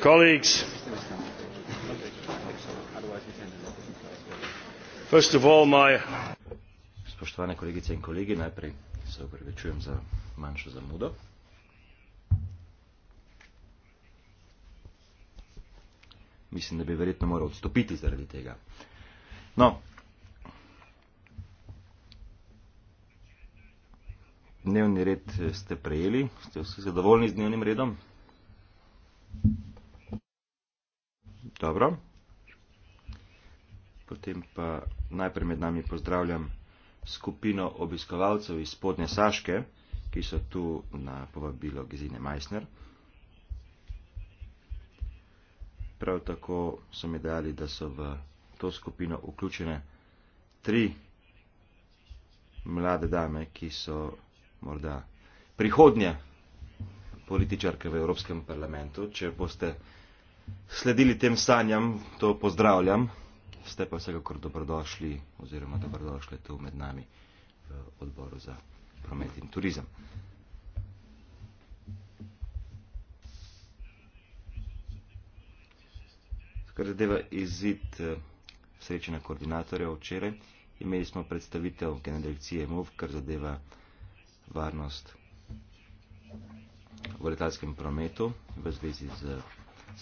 Colleagues, first of all, my. Spoštovane kolegice in kolegi, najprej se upravičujem za manjšo zamudo. mislim, da bi verjetno moral odstopiti zaradi tega. No, dnevni red eh, ste prejeli, ste vsi zadovoljni z dnevnim redom? Dobro. Potem pa najprej med nami pozdravljam skupino obiskovalcev iz Spodnje Saške, ki so tu na povabilo Gizine Meissner. Prav tako so mi dali, da so v to skupino vključene tri mlade dame, ki so morda prihodnja političarka v Evropskem parlamentu. Če boste sledili tem sanjam, to pozdravljam. Ste pa vsekakor dobrodošli oziroma dobrodošli tu med nami v odboru za promet in turizem. Kar zadeva izid eh, srečanja koordinatorjev včeraj, imeli smo predstavitev generalcije MOV, kar zadeva varnost v letalskem prometu v zvezi z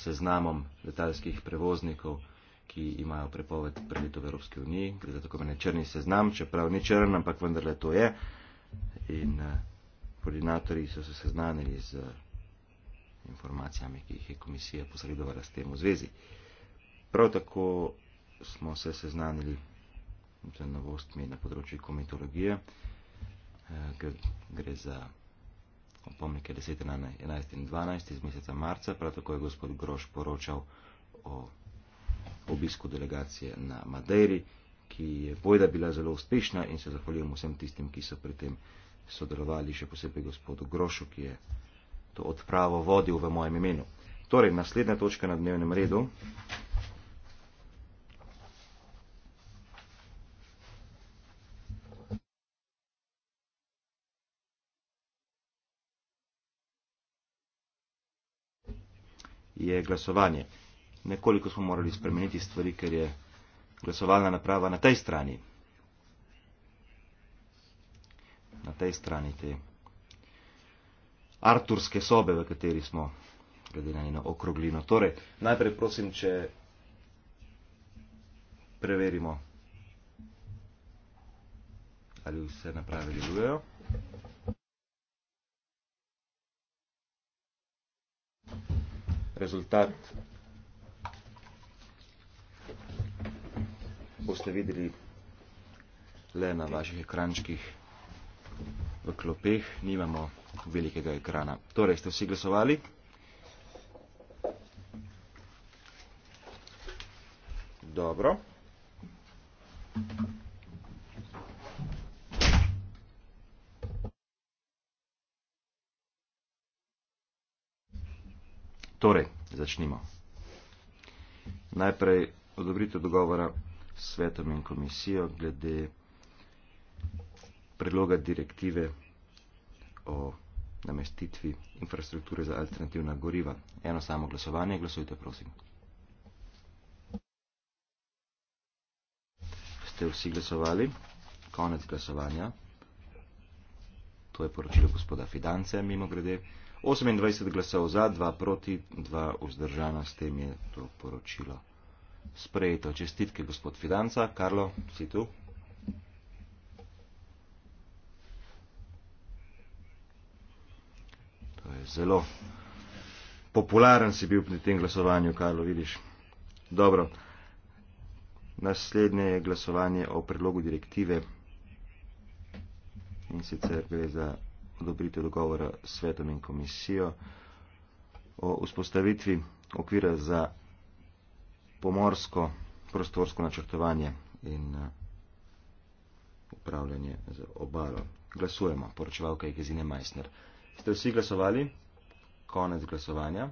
seznamom letalskih prevoznikov, ki imajo prepoved preletov v Evropski uniji. Gre za tako meni črni seznam, čeprav ni črn, ampak vendarle to je. In eh, koordinatorji so se seznanili z informacijami, ki jih je komisija posredovala s tem v zvezi. Prav tako smo se seznanili z novostmi na področju komitologije. Eh, gre za opomnike 10, 11 in 12 iz meseca marca. Prav tako je gospod Groš poročal o obisku delegacije na Madeiri, ki je bojda bila zelo uspešna in se zahvaljujem vsem tistim, ki so pri tem sodelovali, še posebej gospodu Grošu, ki je to odpravo vodil v mojem imenu. Torej, naslednja točka na dnevnem redu. je glasovanje. Nekoliko smo morali spremeniti stvari, ker je glasovalna naprava na tej strani. Na tej strani te arturske sobe, v kateri smo glede na eno okroglino. Torej, najprej prosim, če preverimo, ali vse naprave delujejo. rezultat boste videli le na vaših ekrančkih v klopeh, nimamo velikega ekrana. Torej, ste vsi glasovali? Dobro. Thank you. Torej, začnimo. Najprej odobritev dogovora s svetom in komisijo glede predloga direktive o namestitvi infrastrukture za alternativna goriva. Eno samo glasovanje, glasujte prosim. Ste vsi glasovali? Konec glasovanja. To je poročilo gospoda Fidance, mimo grede. 28 glasov za, 2 proti, 2 vzdržana, s tem je to poročilo sprejeto. Čestitke, gospod Fidanca. Karlo, si tu? To je zelo popularen si bil pri tem glasovanju, Karlo, vidiš. Dobro. Naslednje je glasovanje o predlogu direktive. In sicer gre za odobritev dogovora s svetom in komisijo o vzpostavitvi okvira za pomorsko prostorsko načrtovanje in eh, upravljanje z obalo. Glasujemo, poročevalka Igezine Majsner. Ste vsi glasovali? Konec glasovanja.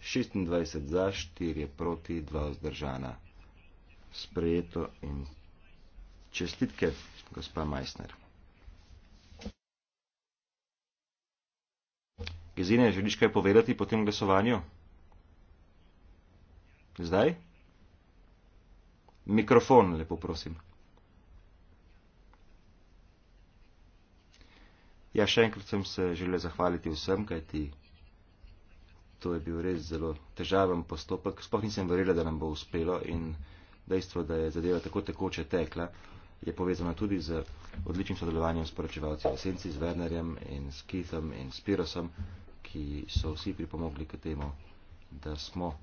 26 za, 4 je proti, 2 vzdržana. Sprejeto in čestitke, gospa Majsner. Gezine, želiš kaj povedati po tem glasovanju? Zdaj? Mikrofon, lepo prosim. Ja, še enkrat sem se želel zahvaliti vsem, kajti to je bil res zelo težaven postopek. Sploh nisem verjela, da nam bo uspelo in dejstvo, da je zadeva tako tekoče tekla, je povezana tudi z odličnim sodelovanjem s poročevalci v Senci, z Wernerjem in s Keithom in s Pirosom ki so vsi pripomogli k temu, da smo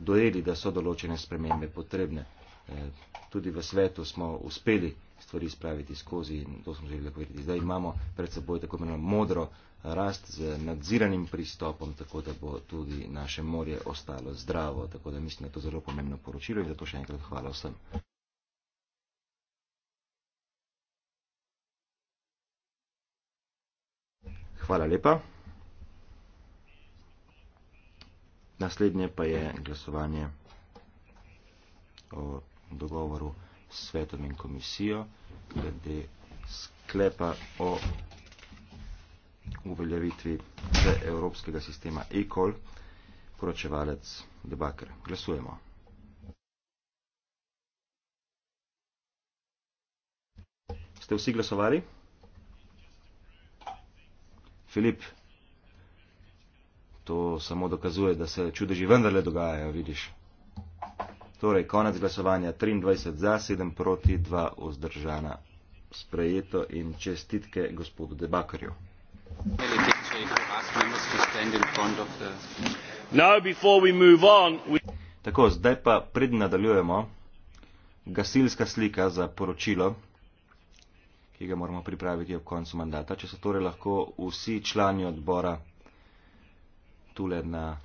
dojeli, da so določene spremembe potrebne. Eh, tudi v svetu smo uspeli stvari spraviti skozi in to smo želeli povedati. Zdaj imamo pred seboj tako imenovano modro rast z nadziranim pristopom, tako da bo tudi naše morje ostalo zdravo. Tako da mislim, da je to zelo pomembno poročilo in zato še enkrat hvala vsem. Hvala lepa. Naslednje pa je glasovanje o dogovoru s svetom in komisijo glede sklepa o uveljavitvi evropskega sistema ECOL, poročevalec Debaker. Glasujemo. Ste vsi glasovali? Filip, To samo dokazuje, da se čudeži vendarle dogajajo, vidiš. Torej, konec glasovanja 23 za, 7 proti, 2 vzdržana. Sprejeto in čestitke gospodu Debakarju. Tako, zdaj pa pred nadaljujemo. Gasilska slika za poročilo, ki ga moramo pripraviti ob koncu mandata, če se torej lahko vsi člani odbora tukaj na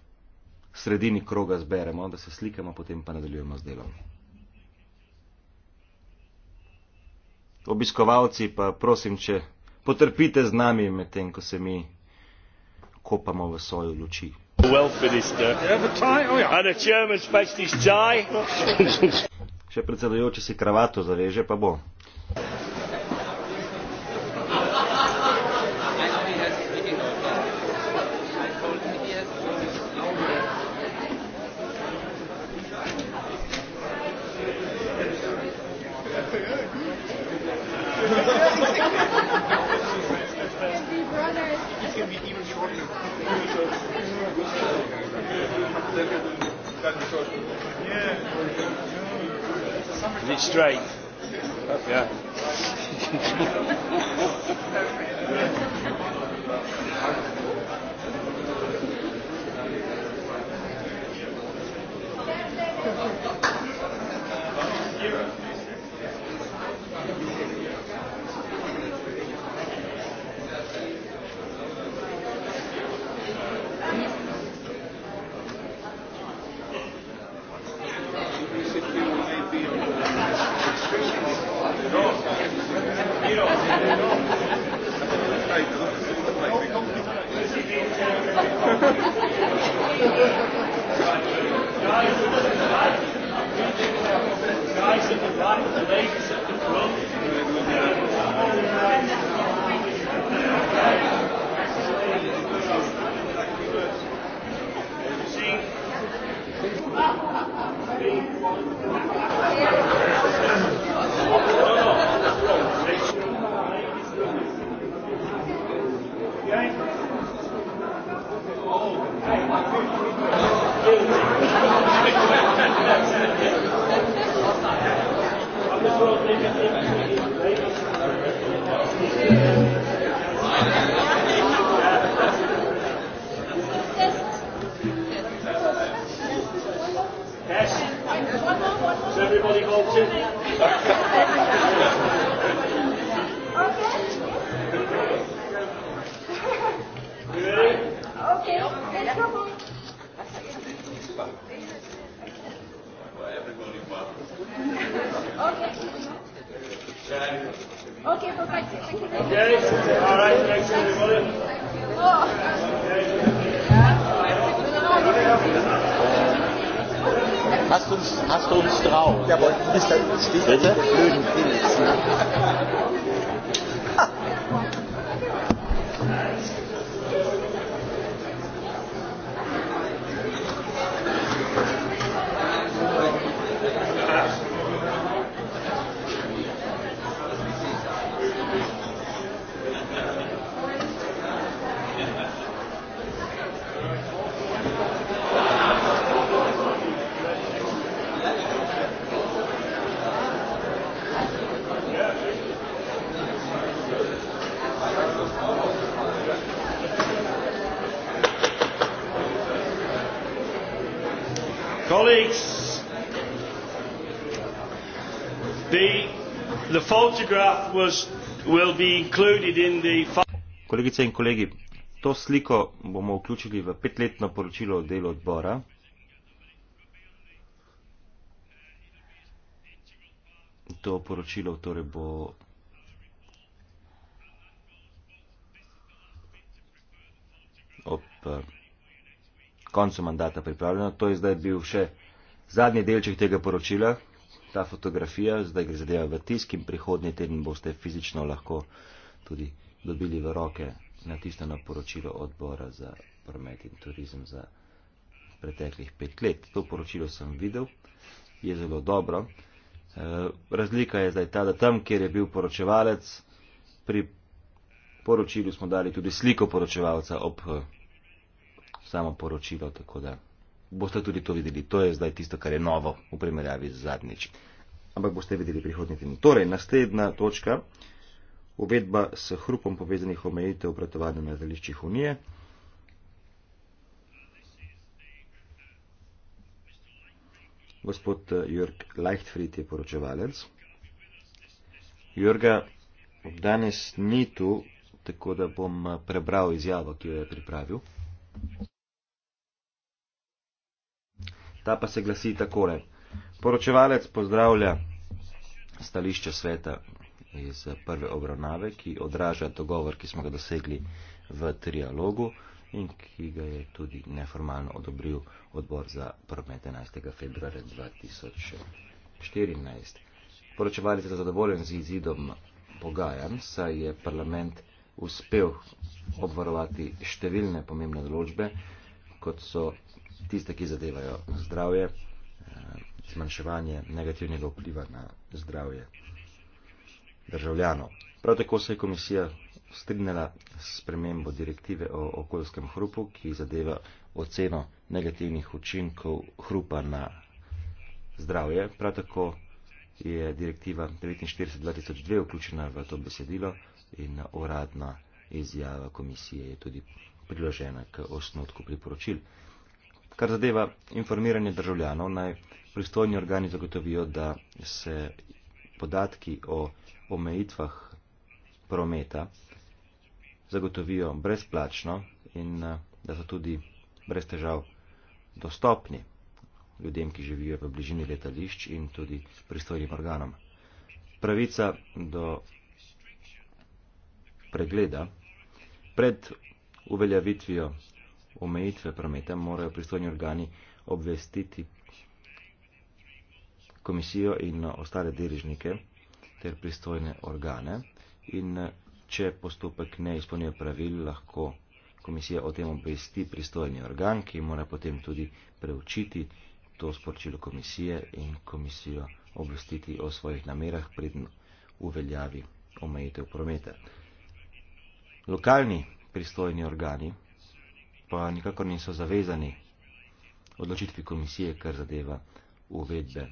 sredini kroga zberemo, da se slikamo, potem pa nadaljujemo z delom. Obiskovalci pa prosim, če potrpite z nami med tem, ko se mi kopamo v svojo luči. Well, oh, Še predsedujoče si kravato zaveže, pa bo. straight. yeah. Kolegice in kolegi, to sliko bomo vključili v petletno poročilo o delu odbora. To poročilo torej bo ob eh, koncu mandata pripravljeno. To je zdaj bil še zadnji delček tega poročila, ta fotografija, zdaj gre zadeva v tisk in prihodnji teden boste fizično lahko tudi dobili v roke na tisto naporočilo odbora za promet in turizem za preteklih pet let. To poročilo sem videl, je zelo dobro. E, razlika je zdaj ta, da tam, kjer je bil poročevalec, pri poročilu smo dali tudi sliko poročevalca ob e, samo poročilo, tako da boste tudi to videli. To je zdaj tisto, kar je novo v primerjavi z zadnjič. Ampak boste videli prihodnji teden. Torej, naslednja točka. Uvedba s hrupom povezanih omejitev obratovanja na zališčih Unije. Gospod eh, Jörg Leichtfried je poročevalec. Jörga danes ni tu, tako da bom eh, prebral izjavo, ki jo je pripravil ta pa se glasi takole. Poročevalec pozdravlja stališče sveta iz prve obravnave, ki odraža dogovor, ki smo ga dosegli v trialogu in ki ga je tudi neformalno odobril odbor za promet 11. februarja 2014. Poročevalec je zadovoljen z izidom pogajanj, saj je parlament uspel obvarovati številne pomembne določbe, kot so tiste, ki zadevajo zdravje, eh, zmanjševanje negativnega vpliva na zdravje državljanov. Prav tako se je komisija strinjala s premembo direktive o okoljskem hrupu, ki zadeva oceno negativnih učinkov hrupa na zdravje. Prav tako je direktiva 49.2002 vključena v to besedilo in uradna izjava komisije je tudi priložena k osnotku priporočil. Kar zadeva informiranje državljanov, naj pristojni organi zagotovijo, da se podatki o omejitvah prometa zagotovijo brezplačno in eh, da so tudi brez težav dostopni ljudem, ki živijo v bližini letališč in tudi pristojnim organom. Pravica do pregleda pred uveljavitvijo omejitve prometa morajo pristojni organi obvestiti komisijo in eh, ostale deležnike ter pristojne organe in eh, če postopek ne izpolnjuje pravil, lahko komisija o tem obvesti pristojni organ, ki mora potem tudi preučiti to sporočilo komisije in komisijo obvestiti o svojih namerah predn uveljavi omejitev prometa. Lokalni pristojni organi pa nikakor niso zavezani odločitvi komisije, kar zadeva uvedbe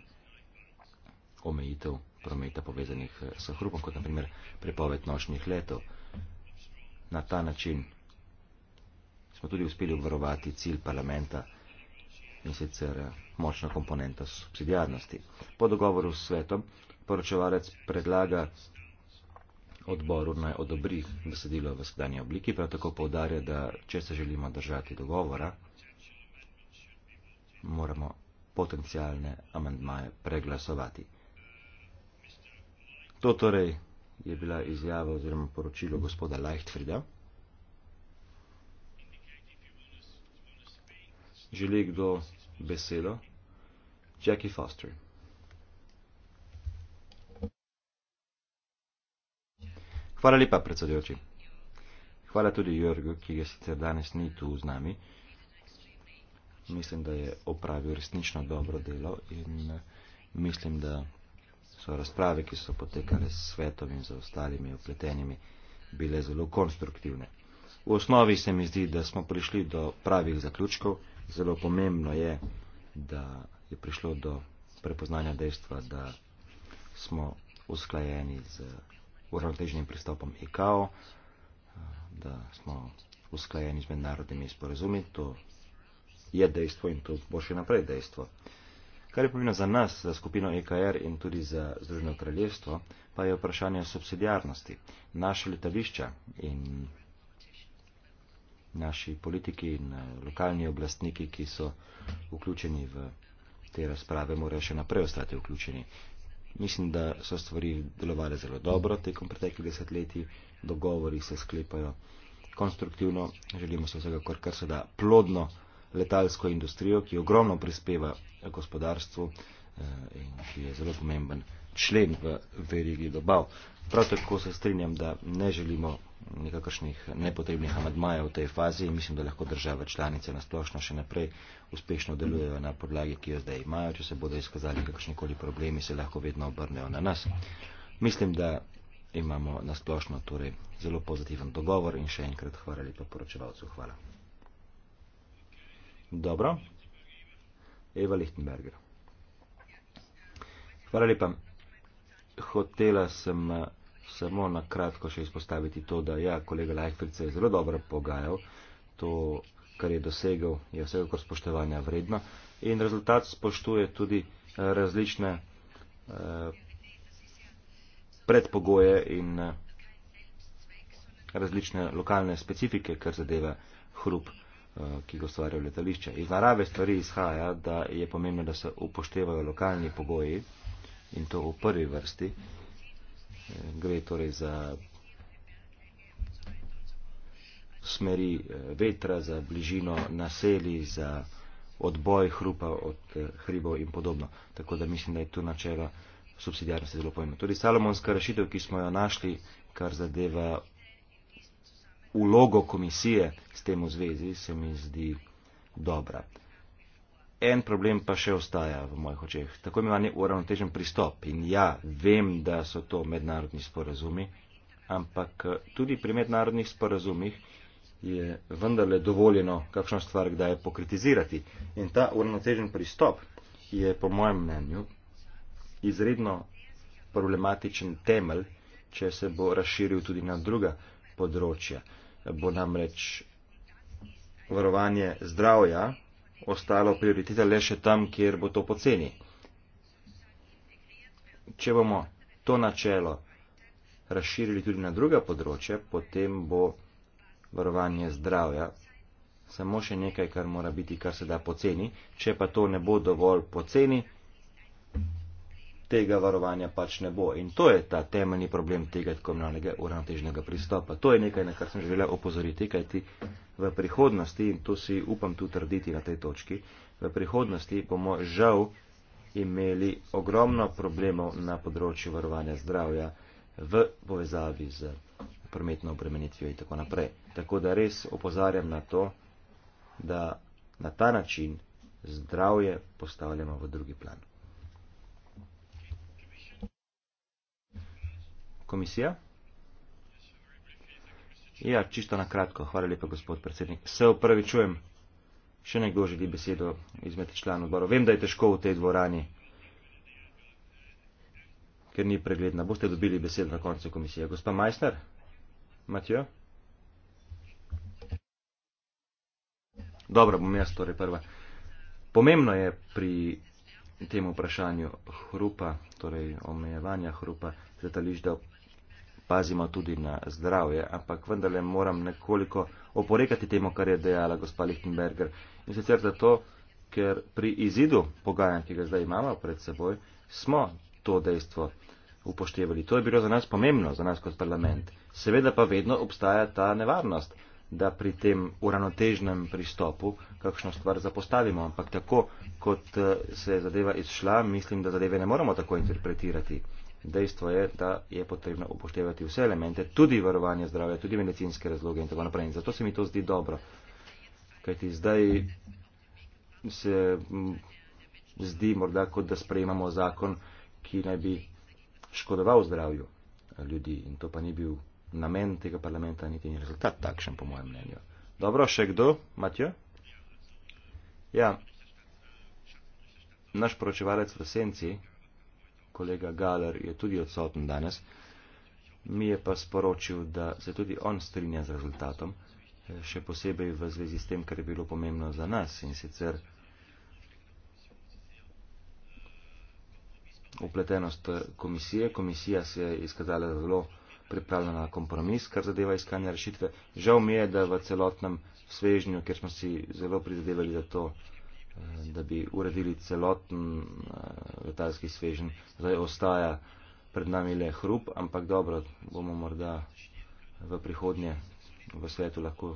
omejitev prometa povezanih eh, s hrupom, kot naprimer prepoved nošnih letov. Na ta način smo tudi uspeli obvarovati cilj parlamenta in sicer eh, močno komponento subsidijarnosti. Po dogovoru s svetom poročevalec predlaga odboru naj odobri besedilo v sedanji obliki, prav tako povdarja, da če se želimo držati dogovora, moramo potencijalne amendmaje preglasovati. To torej je bila izjava oziroma poročilo gospoda Leichtfrieda. Želi kdo besedo? Jackie Foster. Hvala lepa, predsedujoči. Hvala tudi Jorgu, ki je sicer danes ni tu z nami. Mislim, da je opravil resnično dobro delo in mislim, da so razprave, ki so potekale s svetom in z ostalimi upletenimi, bile zelo konstruktivne. V osnovi se mi zdi, da smo prišli do pravih zaključkov. Zelo pomembno je, da je prišlo do prepoznanja dejstva, da smo usklajeni z uravnotežnim pristopom ICAO, eh, da smo usklajeni z mednarodnimi sporazumi. To je dejstvo in to bo še naprej dejstvo. Kar je pomembno za nas, za skupino EKR in tudi za Združeno kraljestvo, pa je vprašanje subsidijarnosti. Naše letališča in naši politiki in eh, lokalni oblastniki, ki so vključeni v te razprave, morajo še naprej ostati vključeni. Mislim, da so stvari delovale zelo dobro tekom preteklih desetletij, dogovori se sklepajo konstruktivno, želimo se vsega kar kar se da plodno letalsko industrijo, ki ogromno prispeva gospodarstvu eh, in ki je zelo pomemben člen v verigi dobav. Prav tako se strinjam, da ne želimo nekakršnih nepotrebnih amadmajev v tej fazi in mislim, da lahko države članice nasplošno še naprej uspešno delujejo na podlagi, ki jo zdaj imajo. Če se bodo izkazali kakršnikoli problemi, se lahko vedno obrnejo na nas. Mislim, da imamo nasplošno torej zelo pozitiven dogovor in še enkrat hvala lepo poročevalcu. Hvala. Dobro. Eva Lichtenberger. Hvala lepa. Hotela sem. Uh, samo na kratko še izpostaviti to, da ja, kolega Lajfric se je zelo dobro pogajal, to, kar je dosegel, je vse kako spoštovanja vredno in rezultat spoštuje tudi eh, različne eh, predpogoje in eh, različne lokalne specifike, kar zadeva hrup, ki ga ustvarjajo letališče. Iz narave stvari izhaja, da je pomembno, da se upoštevajo lokalni pogoji in to v prvi vrsti gre torej za smeri eh, vetra, za bližino naseli, za odboj hrupa od eh, hribov in podobno. Tako da mislim, da je tu načelo subsidijarnosti zelo pojemno. Tudi salomonska rešitev, ki smo jo našli, kar zadeva ulogo komisije s tem v zvezi, se mi zdi dobra en problem pa še ostaja v mojih očeh. Tako imenovani uravnotežen pristop. In ja, vem, da so to mednarodni sporazumi, ampak eh, tudi pri mednarodnih sporazumih je vendarle dovoljeno kakšno stvar kdaj pokritizirati. In ta uravnotežen pristop je po mojem mnenju izredno problematičen temelj, če se bo razširil tudi na druga področja. Bo namreč varovanje zdravja ostalo prioriteta le še tam, kjer bo to poceni. Če bomo to načelo razširili tudi na druga področja, potem bo varovanje zdravja samo še nekaj, kar mora biti, kar se da poceni. Če pa to ne bo dovolj poceni, tega varovanja pač ne bo. In to je ta temeljni problem tega komunalnega uravnoteženega pristopa. To je nekaj, na kar sem želela opozoriti, kajti v prihodnosti, in to si upam tu trditi na tej točki, v prihodnosti bomo žal imeli ogromno problemov na področju varovanja zdravja v povezavi z prometno obremenitvijo in tako naprej. Tako da res opozarjam na to, da na ta način zdravje postavljamo v drugi plan. komisija? Ja, čisto na kratko. Hvala lepa, gospod predsednik. Se opravičujem. Še nekdo želi besedo izmed članov odbora. Vem, da je težko v tej dvorani, ker ni pregledna. Boste dobili besedo na koncu komisije. Gospa Majster? Matijo? Dobro, bom jaz torej prva. Pomembno je pri tem vprašanju hrupa, torej omejevanja hrupa, letališča pazimo tudi na zdravje, ampak vendarle moram nekoliko oporekati temu, kar je dejala gospa Lichtenberger. In sicer zato, ker pri izidu pogajanj, ki ga zdaj imamo pred seboj, smo to dejstvo upoštevali. To je bilo za nas pomembno, za nas kot parlament. Seveda pa vedno obstaja ta nevarnost, da pri tem uravnotežnem pristopu kakšno stvar zapostavimo. Ampak tako, kot eh, se je zadeva izšla, mislim, da zadeve ne moramo tako interpretirati dejstvo je, da je potrebno upoštevati vse elemente, tudi varovanje zdravja, tudi medicinske razloge in tako naprej. In zato se mi to zdi dobro. Kajti zdaj se zdi morda, kot da sprejemamo zakon, ki naj bi škodoval zdravju ljudi. In to pa ni bil namen tega parlamenta, niti ni rezultat takšen, po mojem mnenju. Dobro, še kdo? Matjo? Ja. Naš poročevalec v senci, kolega Galer je tudi odsoten danes, mi je pa sporočil, da se tudi on strinja z rezultatom, eh, še posebej v zvezi s tem, kar je bilo pomembno za nas in sicer upletenost eh, komisije. Komisija se je izkazala zelo pripravljena na kompromis, kar zadeva iskanje rešitve. Žal mi je, da v celotnem svežnju, kjer smo si zelo prizadevali za to, da bi uredili celoten eh, letalski svežen. Zdaj ostaja pred nami le hrup, ampak dobro, bomo morda v prihodnje v svetu lahko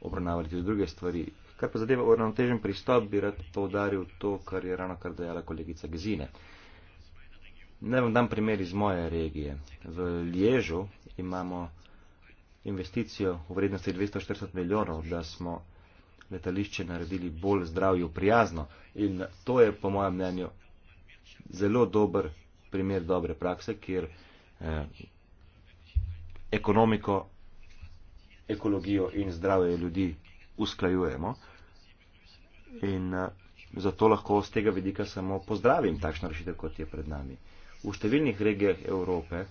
obravnavali tudi druge stvari. Kar pa zadeva uravnotežen pristop, bi rad povdaril to, kar je ravno kar dejala kolegica Gezine. Naj vam dam primer iz moje regije. V Liežu imamo investicijo v vrednosti 240 milijonov, da smo letališče naredili bolj zdravju prijazno. In to je, po mojem mnenju, zelo dober primer dobre prakse, kjer eh, ekonomiko, ekologijo in zdravje ljudi usklajujemo. In eh, zato lahko z tega vidika samo pozdravim takšno rešitev, kot je pred nami. V številnih regijah Evrope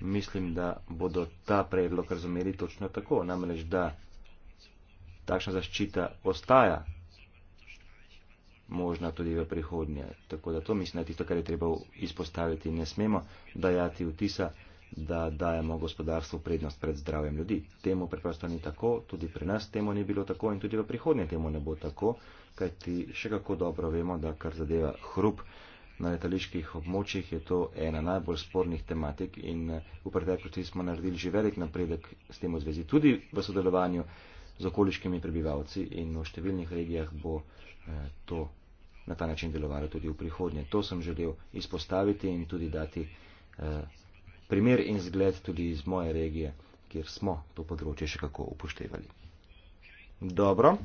mislim, da bodo ta predlog razumeli točno tako, namreč da takšna zaščita ostaja možna tudi v prihodnje. Tako da to mislim, da je tisto, kar je treba izpostaviti. Ne smemo dajati vtisa, da dajemo gospodarstvu prednost pred zdravjem ljudi. Temu preprosto ni tako, tudi pri nas temu ni bilo tako in tudi v prihodnje temu ne bo tako, kajti še kako dobro vemo, da kar zadeva hrup na letaliških območjih je to ena najbolj spornih tematik in v preteklosti smo naredili že velik napredek s tem v zvezi tudi v sodelovanju z okoliškimi prebivalci in v številnih regijah bo eh, to na ta način delovalo tudi v prihodnje. To sem želel izpostaviti in tudi dati eh, primer in zgled tudi iz moje regije, kjer smo to področje še kako upoštevali. Dobro.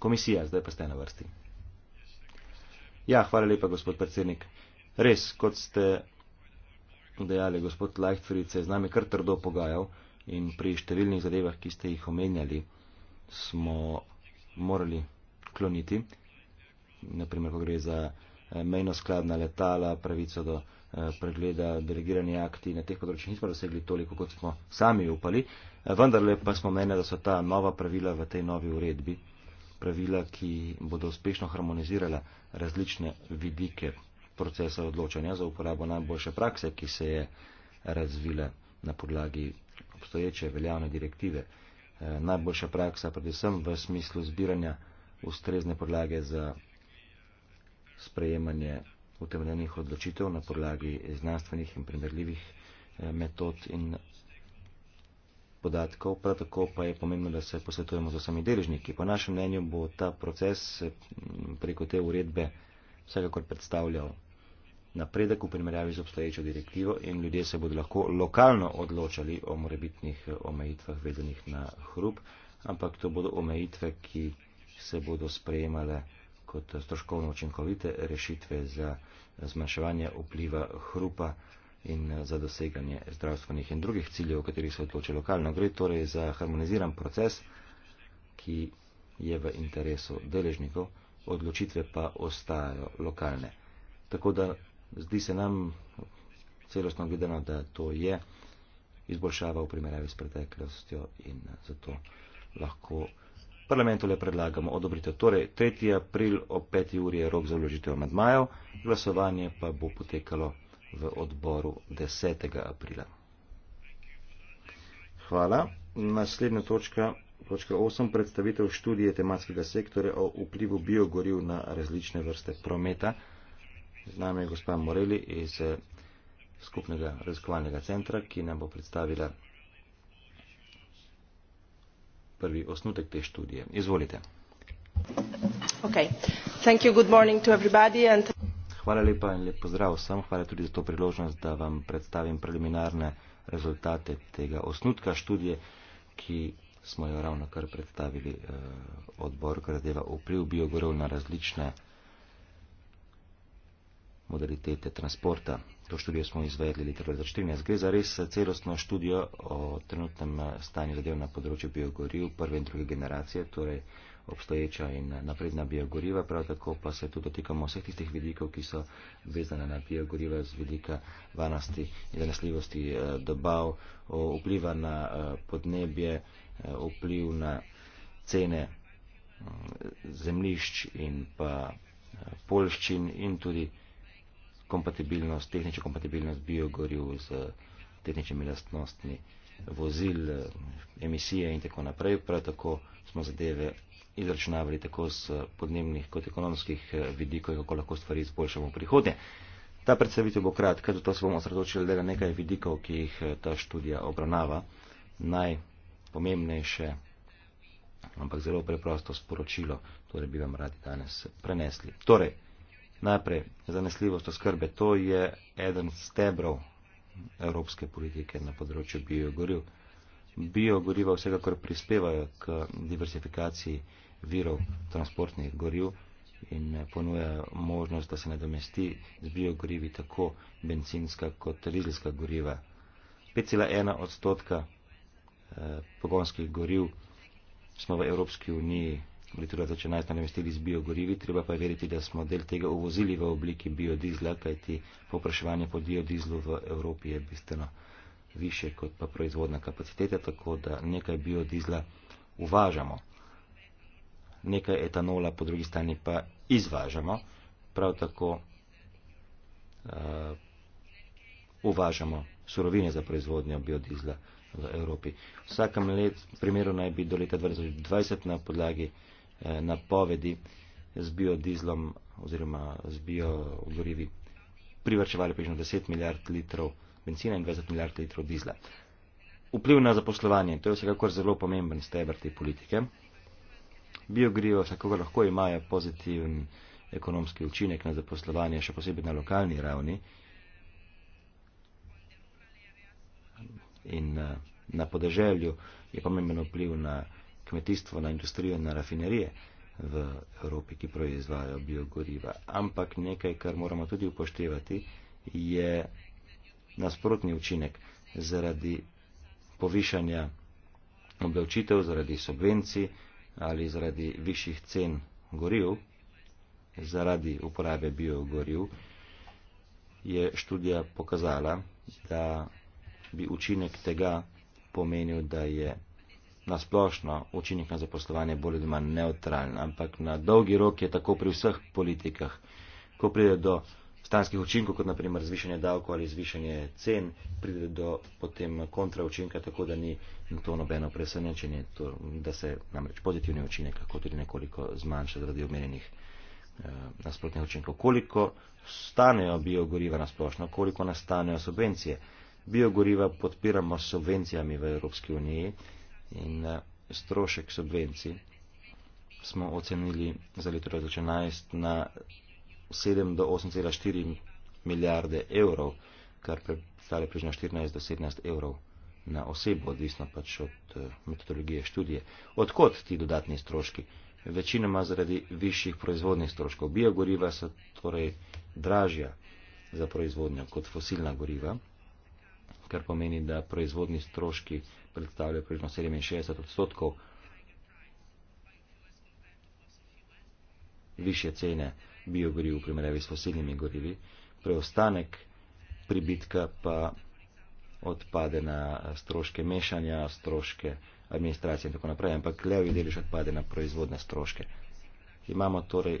Komisija, zdaj pa ste na vrsti. Ja, hvala lepa, gospod predsednik. Res, kot ste dejali, gospod Lajfric se je z nami kar trdo pogajal in pri številnih zadevah, ki ste jih omenjali, smo morali kloniti, naprimer, ko gre za eh, mejno skladna letala, pravico do eh, pregleda, delegirani akti na teh področjih nismo dosegli toliko, kot smo sami upali, eh, vendarle pa smo mnenja, da so ta nova pravila v tej novi uredbi, pravila, ki bodo uspešno harmonizirala različne vidike procesa odločanja za uporabo najboljše prakse, ki se je razvila na podlagi obstoječe veljavne direktive. Eh, najboljša praksa predvsem v smislu zbiranja ustrezne podlage za sprejemanje utemeljenih odločitev na podlagi znanstvenih in primerljivih eh, metod in podatkov, prav tako pa je pomembno, da se posvetujemo z vsemi deležniki. Po našem mnenju bo ta proces eh, preko te uredbe vsekakor predstavljal napredek v primerjavi z obstoječo direktivo in ljudje se bodo lahko lokalno odločali o morebitnih omejitvah vedenih na hrup, ampak to bodo omejitve, ki se bodo sprejemale kot stroškovno učinkovite rešitve za zmanjševanje vpliva hrupa in za doseganje zdravstvenih in drugih ciljev, o katerih se odloči lokalno. Gre torej za harmoniziran proces, ki je v interesu deležnikov, odločitve pa ostajajo lokalne. Tako da zdi se nam celostno gledano, da to je izboljšava v primerjavi s preteklostjo in eh, zato lahko parlamentu le predlagamo odobritev. Torej, 3. april ob 5. uri je rok za vložitev amadmajev, glasovanje pa bo potekalo v odboru 10. aprila. Hvala. Naslednja točka, točka 8, predstavitev študije tematskega sektorja o vplivu biogoriv na različne vrste prometa. Z nami je gospod Moreli iz eh, skupnega raziskovalnega centra, ki nam bo predstavila prvi osnutek te študije. Izvolite. Okay. Thank you. Good morning to everybody and Hvala lepa in lep pozdrav vsem. Hvala tudi za to priložnost, da vam predstavim preliminarne rezultate tega osnutka študije, ki smo jo ravno kar predstavili eh, odbor gradiva vpliv biogorov na različne modalitete transporta. To študijo smo izvedli leta 2014. Gre za res celostno študijo o trenutnem stanju zadev na področju biogoriv prve in druge generacije, torej obstoječa in napredna biogoriva, prav tako pa se tudi dotikamo vseh tistih vidikov, ki so vezane na biogoriva z vidika varnosti in zanesljivosti eh, dobav, vpliva na eh, podnebje, eh, vpliv na cene mm, zemlišč in pa polščin in tudi kompatibilnost, tehnična kompatibilnost biogoriv z tehničnimi lastnostmi vozil, emisije in tako naprej. Prav tako smo zadeve izračunavali tako z podnebnih kot ekonomskih eh, vidikov, kako lahko stvari izboljšamo v prihodnje. Ta predstavitev bo kratka, zato se bomo osredotočili le na nekaj vidikov, ki jih eh, ta študija obravnava. Najpomembnejše, ampak zelo preprosto sporočilo, torej bi vam radi danes prenesli. Torej, Najprej, zanesljivost oskrbe, to je eden stebrov evropske politike na področju biogoriv. Biogoriva vsekakor prispevajo k diversifikaciji virov transportnih goriv in eh, ponujajo možnost, da se nadomesti z biogorivi tako benzinska kot dizelska goriva. 5,1 odstotka eh, pogonskih goriv smo v Evropski uniji Litro za 14 namestili z biogorivi, treba pa veriti, da smo del tega uvozili v obliki biodizla, kajti poprašovanje po biodizlu v Evropi je bistveno više kot pa proizvodna kapaciteta, tako da nekaj biodizla uvažamo, nekaj etanola po drugi strani pa izvažamo, prav tako uh, uvažamo surovine za proizvodnjo biodizla v Evropi. V vsakem let, primeru naj bi do leta 2020 na podlagi Eh, napovedi z biodizlom oziroma z biogorivi privrčevali prižno 10 milijard litrov benzina in 20 milijard litrov dizla. Vpliv na zaposlovanje, to je vsekakor zelo pomemben stebr te politike. Biogrivo vsekakor lahko imajo pozitiven ekonomski učinek na zaposlovanje, še posebej na lokalni ravni in eh, na podeželju je pomemben vpliv na kmetijstvo, na industrijo in na rafinerije v Evropi, ki proizvajajo biogoriva. Ampak nekaj, kar moramo tudi upoštevati, je nasprotni učinek zaradi povišanja obdavčitev, zaradi subvencij ali zaradi višjih cen goriv, zaradi uporabe biogoriv, je študija pokazala, da bi učinek tega pomenil, da je na splošno učinek na zaposlovanje bolj ali manj neutralen, ampak na dolgi rok je tako pri vseh politikah, ko pride do stanskih učinkov, kot naprimer zvišanje davko ali zvišanje cen, pride do potem kontra učinka, tako da ni to nobeno presenečenje, to, da se namreč pozitivni učinek lahko tudi nekoliko zmanjša zaradi omenjenih eh, nasprotnih učinkov. Koliko stanejo biogoriva na splošno, koliko nastanejo subvencije? Biogoriva podpiramo s subvencijami v Evropski uniji, in eh, strošek subvencij smo ocenili za leto 2011 na 7 do 8,4 milijarde evrov, kar predstavlja približno 14 do 17 evrov na osebo, odvisno pač od eh, metodologije študije. Odkot ti dodatni stroški? Večinoma zaradi višjih proizvodnih stroškov. Biogoriva so torej dražja za proizvodnjo kot fosilna goriva kar pomeni, da proizvodni stroški predstavljajo približno 67 odstotkov više cene biogoriv v primerjavi s fosilnimi gorivi, preostanek pribitka pa odpade na stroške mešanja, stroške administracije in tako naprej, ampak levi delež odpade na proizvodne stroške. Imamo torej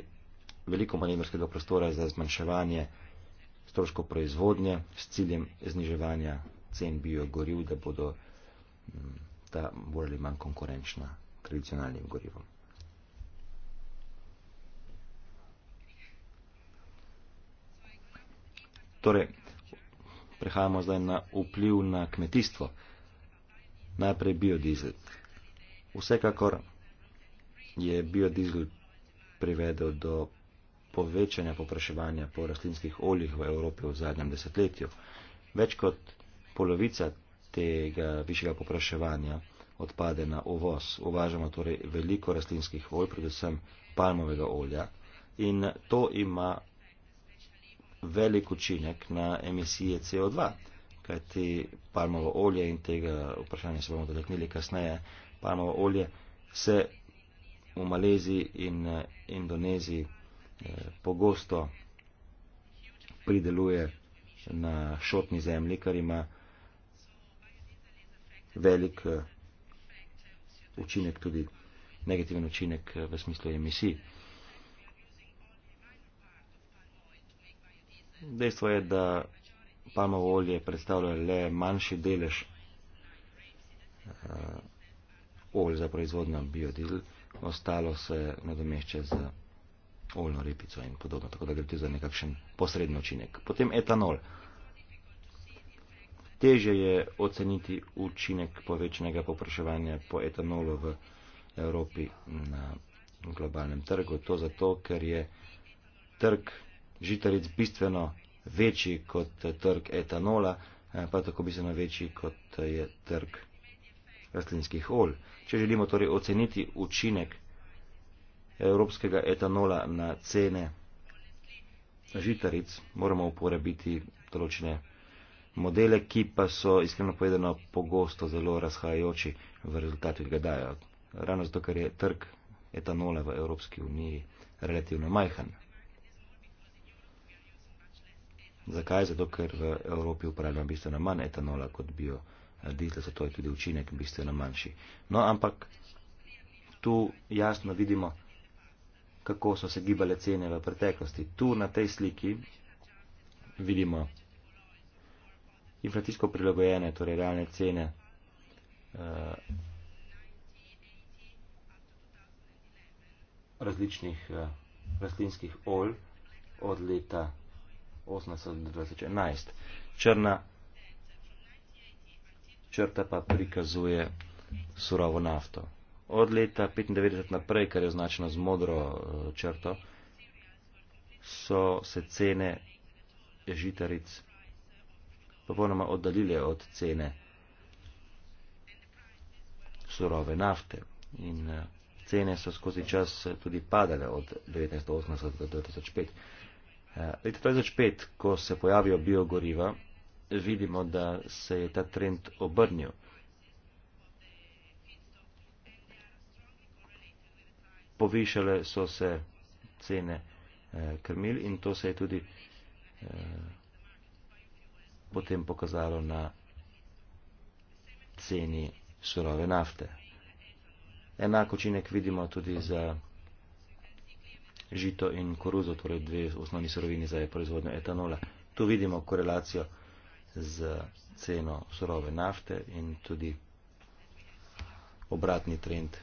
veliko manevrskega prostora za zmanjševanje stroškov proizvodnje s ciljem zniževanja cen biogoriv, da bodo mm, ta bolj ali manj konkurenčna tradicionalnim gorivom. Torej, prehajamo zdaj na vpliv na kmetijstvo. Najprej biodizel. Vsekakor je biodizel privedel do povečanja popraševanja po rastlinskih oljih v Evropi v zadnjem desetletju. Več kot polovica tega višjega popraševanja odpade na uvoz. Uvažamo torej veliko rastlinskih olj, predvsem palmovega olja in to ima velik učinek na emisije CO2, kajti palmovo olje in tega vprašanja se bomo dotaknili kasneje, palmovo olje se v Maleziji in eh, Indoneziji eh, pogosto prideluje na šotni zemlji, kar ima velik eh, učinek, tudi negativen učinek eh, v smislu emisij. Dejstvo je, da palmovo olje predstavlja le manjši delež uh, olj za proizvodnjo biodizel, ostalo se nadomešča z oljno repico in podobno, tako da gre tudi za nekakšen posredni učinek. Potem etanol. Uh, Teže je oceniti učinek povečnega popraševanja po etanolu v Evropi na globalnem trgu. To zato, ker je trg žitaric bistveno večji kot trg etanola, eh, pa tako bistveno večji kot je trg rastlinskih olj. Če želimo torej oceniti učinek evropskega etanola na cene žitaric, moramo uporabiti določene modele, ki pa so, iskreno povedano, pogosto zelo razhajajoči v rezultatu, ki ga dajo. Ravno zato, ker je trg etanola v Evropski uniji relativno majhen. Zakaj? Zato, ker v Evropi uporabljamo bistveno manj etanola kot bio eh, dizel, zato je tudi učinek bistveno manjši. No, ampak tu jasno vidimo, kako so se gibale cene v preteklosti. Tu na tej sliki vidimo inflacijsko prilagojene, torej realne cene. Eh, različnih eh, rastlinskih olj od leta 2011. Črna črta pa prikazuje surovo nafto. Od leta 1995 naprej, kar je označeno z modro eh, črto, so se cene žitaric popolnoma oddaljile od cene surove nafte. In eh, cene so skozi čas eh, tudi padale od 1980 do 2005. Eh, leta 2005, ko se pojavijo biogoriva, vidimo, da se je ta trend obrnil. Povišale so se cene krmil in to se je tudi potem pokazalo na ceni surove nafte. Enako učinek vidimo tudi za žito in koruzo, torej dve osnovni surovini za proizvodnjo etanola. Tu vidimo korelacijo z ceno surove nafte in tudi obratni trend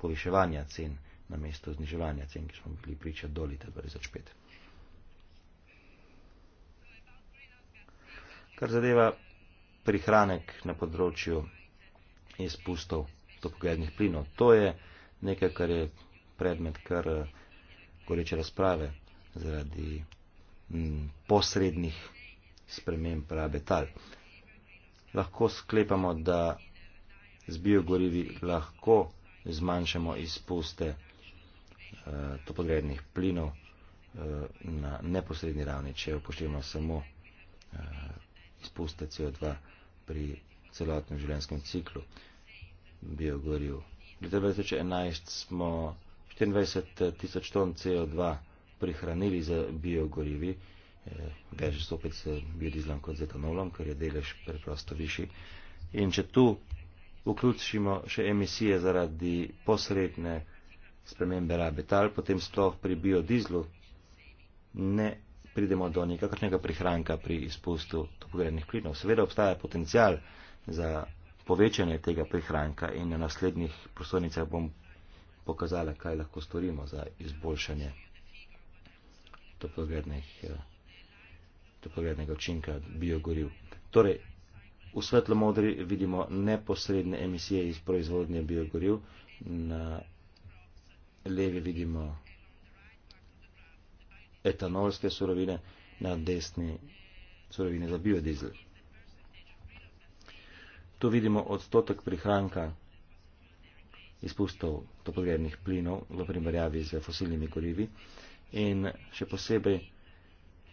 poviševanja cen na mesto zniževanja cen, ki smo bili priča do leta 2005. kar zadeva prihranek na področju izpustov topogajnih plinov. To je nekaj, kar je predmet kar eh, goreče razprave zaradi mm, posrednih sprememb rabe tal. Lahko sklepamo, da z biogorivi lahko zmanjšamo izpuste eh, topogrednih plinov eh, na neposredni ravni, če upoštevamo samo eh, izpusta CO2 pri celotnem življenjskem ciklu biogoriv. Leta 2011 smo 24 tisoč ton CO2 prihranili za biogorivi, eh, več zopet z eh, biodizlom kot z etanolom, ker je delež preprosto višji. In če tu vključimo še emisije zaradi posredne spremembe rabe tal, potem sploh pri biodizlu ne pridemo do nekakršnega prihranka pri izpustu toplogrednih plinov. Seveda obstaja potencial za povečanje tega prihranka in na naslednjih prostornicah bom pokazala, kaj lahko storimo za izboljšanje eh, toplogrednega učinka biogoriv. Torej, v svetlomodri vidimo neposredne emisije iz proizvodnje biogoriv, na levi vidimo biogoriv, etanolske surovine na desni surovine za biodizel. Tu vidimo odstotek prihranka izpustov toplogrednih plinov v primerjavi z fosilnimi gorivi in še posebej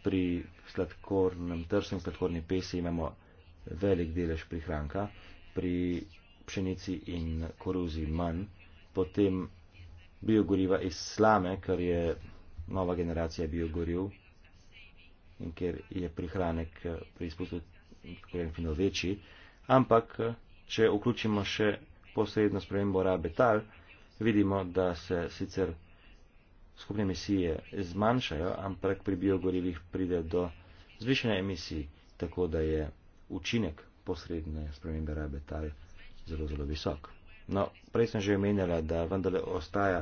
pri sladkornem trsu in sladkorni pesi imamo velik delež prihranka, pri pšenici in koruzi manj, potem biogoriva iz slame, kar je nova generacija biogoriv in ker je prihranek eh, pri izpustu fino večji, ampak eh, če vključimo še posredno spremembo rabe tal, vidimo, da se sicer skupne emisije zmanjšajo, ampak pri biogorivih pride do zvišene emisij, tako da je učinek posredne spremembe rabe tal zelo, zelo visok. No, prej sem že omenjala, da vendarle ostaja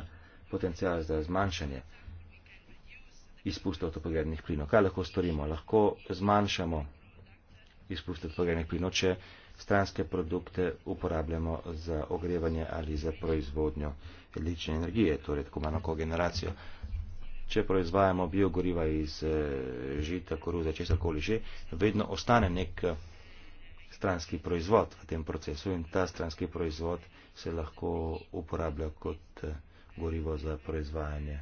potencial za zmanjšanje izpustov topogrednih plinov. Kaj lahko storimo? Lahko zmanjšamo izpustov topogrednih plinov, če stranske produkte uporabljamo za ogrevanje ali za proizvodnjo električne energije, torej tako imamo kogeneracijo. Če proizvajamo biogoriva iz eh, žita, koruze, česarkoli že, vedno ostane nek eh, stranski proizvod v tem procesu in ta stranski proizvod se lahko uporablja kot eh, gorivo za proizvajanje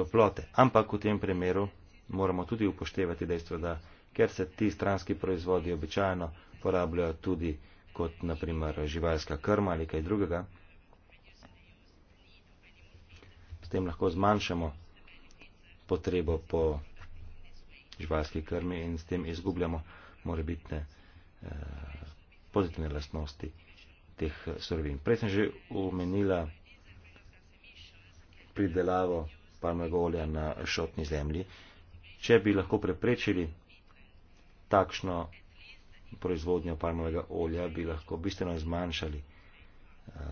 toplote. Ampak v tem primeru moramo tudi upoštevati dejstvo, da ker se ti stranski proizvodi običajno porabljajo tudi kot naprimer živalska krma ali kaj drugega, s tem lahko zmanjšamo potrebo po živalski krmi in s tem izgubljamo morebitne eh, pozitivne lastnosti teh sorovin. Prej sem že omenila pridelavo palmega olja na šotni zemlji, če bi lahko preprečili takšno proizvodnjo palmovega olja, bi lahko bistveno zmanjšali uh,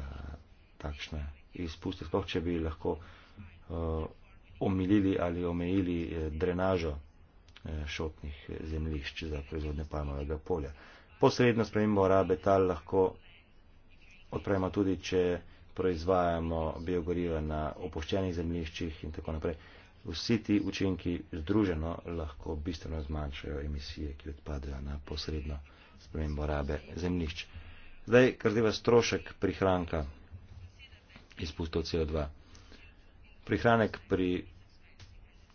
takšne izpuste, sploh če bi lahko uh, omilili ali omejili uh, drenažo uh, šotnih zemljišč za proizvodnjo palmovega polja. Posredno spremembo rabe tal lahko odpremo tudi, če uh, proizvajamo biogoriva na opuščenih zemljiščih in tako naprej. Vsi ti učinki združeno lahko bistveno zmanjšajo emisije, ki odpadajo na posredno spremembo rabe zemljišč. Zdaj, kar zdaj strošek prihranka izpustov CO2. Prihranek pri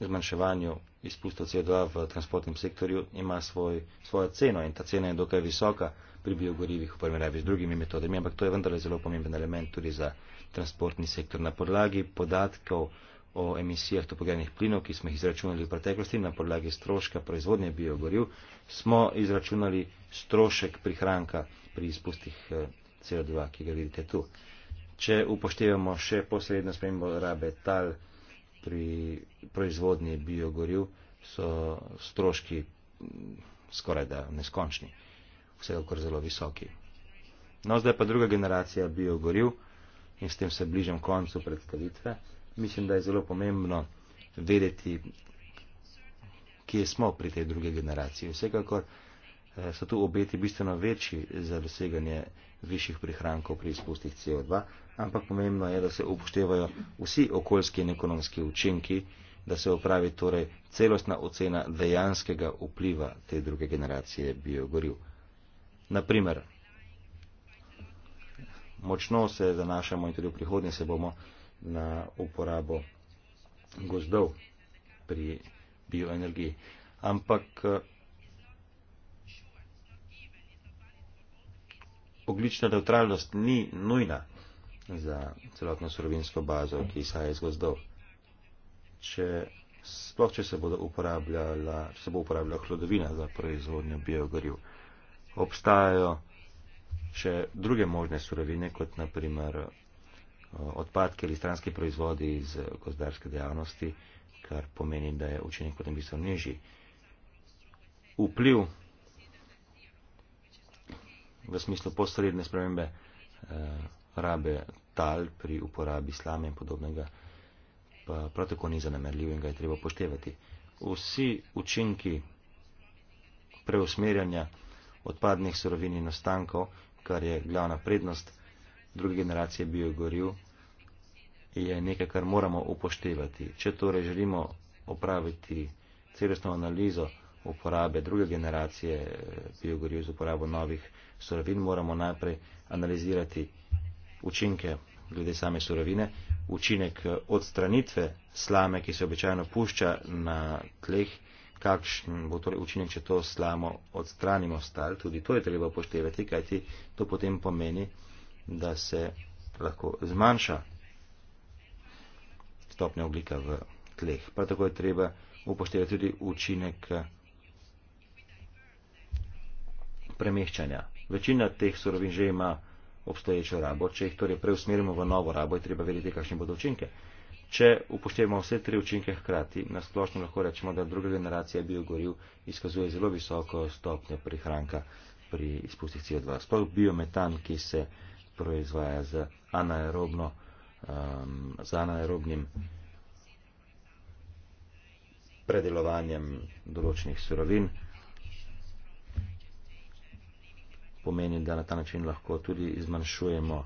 zmanjševanju izpustov CO2 v transportnem sektorju ima svoj, svojo ceno in ta cena je dokaj visoka pri biogorivih, v prvem redu z drugimi metodami, ampak to je vendarle zelo pomemben element tudi za transportni sektor. Na podlagi podatkov o emisijah topogenih plinov, ki smo jih izračunali v preteklosti, na podlagi stroška proizvodnje biogoriv, smo izračunali strošek prihranka pri izpustih eh, CO2, ki ga vidite tu. Če upoštevamo še posredno spremembo rabe tal pri proizvodnji biogoriv, so stroški mm, skoraj da neskončni vsekakor zelo visoki. No, zdaj pa druga generacija biogoriv in s tem se bližam koncu predstavitve. Mislim, da je zelo pomembno vedeti, kje smo pri tej druge generaciji. Vsekakor eh, so tu obeti bistveno večji za doseganje višjih prihrankov pri izpustih CO2, ampak pomembno je, da se upoštevajo vsi okoljski in ekonomski učinki, da se opravi torej celostna ocena dejanskega vpliva te druge generacije biogoriv. Naprimer, močno se zanašamo in tudi v prihodnje se bomo na uporabo gozdov pri bioenergiji. Ampak eh, oglična neutralnost ni nujna za celotno surovinsko bazo, ki izhaja iz gozdov. Če, sploh, če se, če se bo uporabljala hlodovina za proizvodnjo biogoriv obstajajo še druge možne surovine, kot naprimer eh, odpadke ali stranski proizvodi iz eh, gozdarske dejavnosti, kar pomeni, da je učinek potem bistveno nižji. Vpliv v smislu posredne spremembe eh, rabe tal pri uporabi slame in podobnega pa prav tako ni zanemerljiv in ga je treba poštevati. Vsi učinki preusmerjanja odpadnih surovin in ostankov, kar je glavna prednost druge generacije biogoriv, je nekaj, kar moramo upoštevati. Če torej želimo opraviti celostno analizo uporabe druge generacije eh, biogoriv z uporabo novih surovin, moramo najprej analizirati učinke glede same surovine, učinek eh, odstranitve slame, ki se običajno pušča na tleh, kakšen bo torej učinek, če to slamo odstranimo stal, tudi to je treba upoštevati, kajti to potem pomeni, da se lahko zmanjša stopnja oglika v tleh. Prav tako je treba upoštevati tudi učinek premeščanja. Večina teh surovin že ima obstoječo rabo, če jih torej preusmerimo v novo rabo, je treba vedeti, kakšne bodo učinke. Če upoštevamo vse tri učinke hkrati, nasplošno lahko rečemo, da druga generacija biogoriv izkazuje zelo visoko stopnjo prihranka pri izpustih CO2. Sploh biometan, ki se proizvaja z anaerobno, um, z anaerobnim predelovanjem določenih surovin, pomeni, da na ta način lahko tudi zmanjšujemo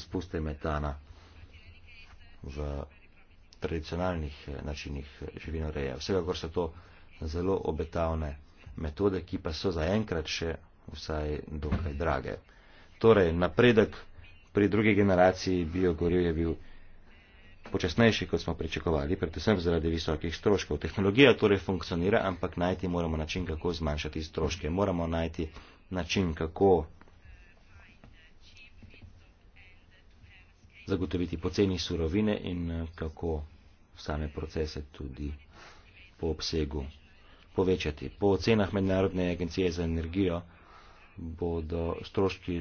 izpuste metana v tradicionalnih načinih živinoreje. Vsekakor so to zelo obetavne metode, ki pa so zaenkrat še vsaj dokaj drage. Torej, napredek pri drugi generaciji biogoriv je bil počasnejši, kot smo pričakovali, predvsem zaradi visokih stroškov. Tehnologija torej funkcionira, ampak najti moramo način, kako zmanjšati stroške. Moramo najti način, kako zagotoviti poceni surovine in eh, kako same procese tudi po obsegu povečati. Po ocenah Mednarodne agencije za energijo bodo stroški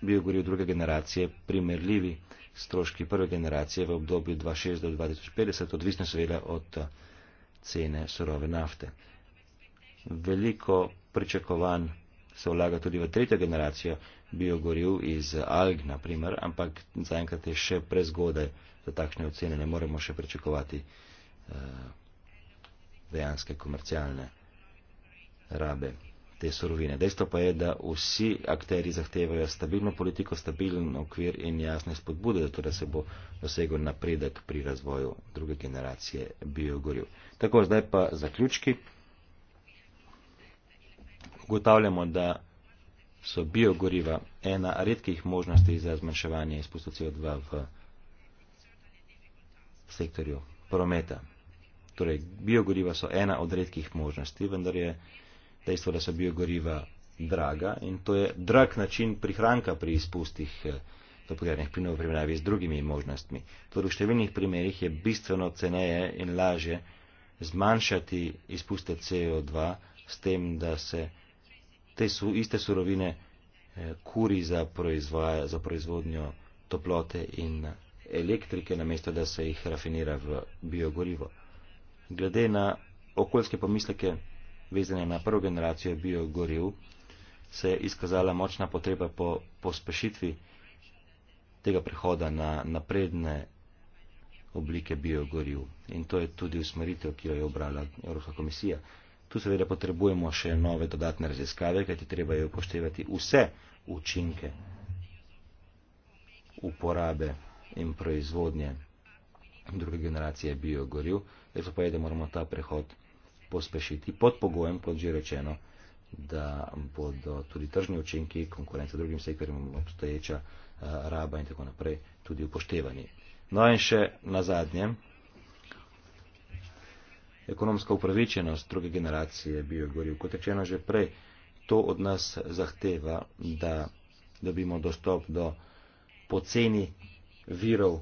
biogoriv druge generacije primerljivi stroški prve generacije v obdobju 2006 do 2050, odvisno seveda od eh, cene surove nafte. Veliko pričakovanj se vlaga tudi v tretjo generacijo biogoriv iz alg, naprimer, ampak zaenkrat je še prezgodaj za takšne ocene, ne moremo še pričakovati eh, dejanske komercialne rabe te sorovine. Dejstvo pa je, da vsi akteri zahtevajo stabilno politiko, stabilen okvir in jasne spodbude, zato da se bo dosegel napredek pri razvoju druge generacije biogoriv. Tako, zdaj pa zaključki. Ugotavljamo, da so biogoriva ena redkih možnosti za zmanjševanje izpustov CO2 v sektorju prometa. Torej, biogoriva so ena od redkih možnosti, vendar je dejstvo, da so biogoriva draga in to je drag način prihranka pri izpustih eh, toplogrednih plinov v primerjavi z drugimi možnostmi. Torej, v številnih primerjih je bistveno ceneje in laže zmanjšati izpuste CO2 s tem, da se te su iste surovine eh, kuri za, za proizvodnjo toplote in elektrike, namesto da se jih rafinira v biogorivo. Glede na okoljske pomisleke vezane na prvo generacijo biogoriv, se je izkazala močna potreba po pospešitvi tega prehoda na napredne oblike biogoriv. In to je tudi usmeritev, ki jo je obrala Evropska komisija. Tu seveda potrebujemo še nove dodatne raziskave, kajti treba je upoštevati vse učinke uporabe in proizvodnje druge generacije biogoriv. Jaz pa je, da moramo ta prehod pospešiti pod pogojem, kot že rečeno, da bodo tudi tržni učinki, konkurenca drugim sektorjem, obstoječa eh, raba in tako naprej tudi upoštevani. No in še na zadnjem ekonomska upravičenost druge generacije biogoriv. Kot rečeno že prej, to od nas zahteva, da dobimo dostop do poceni virov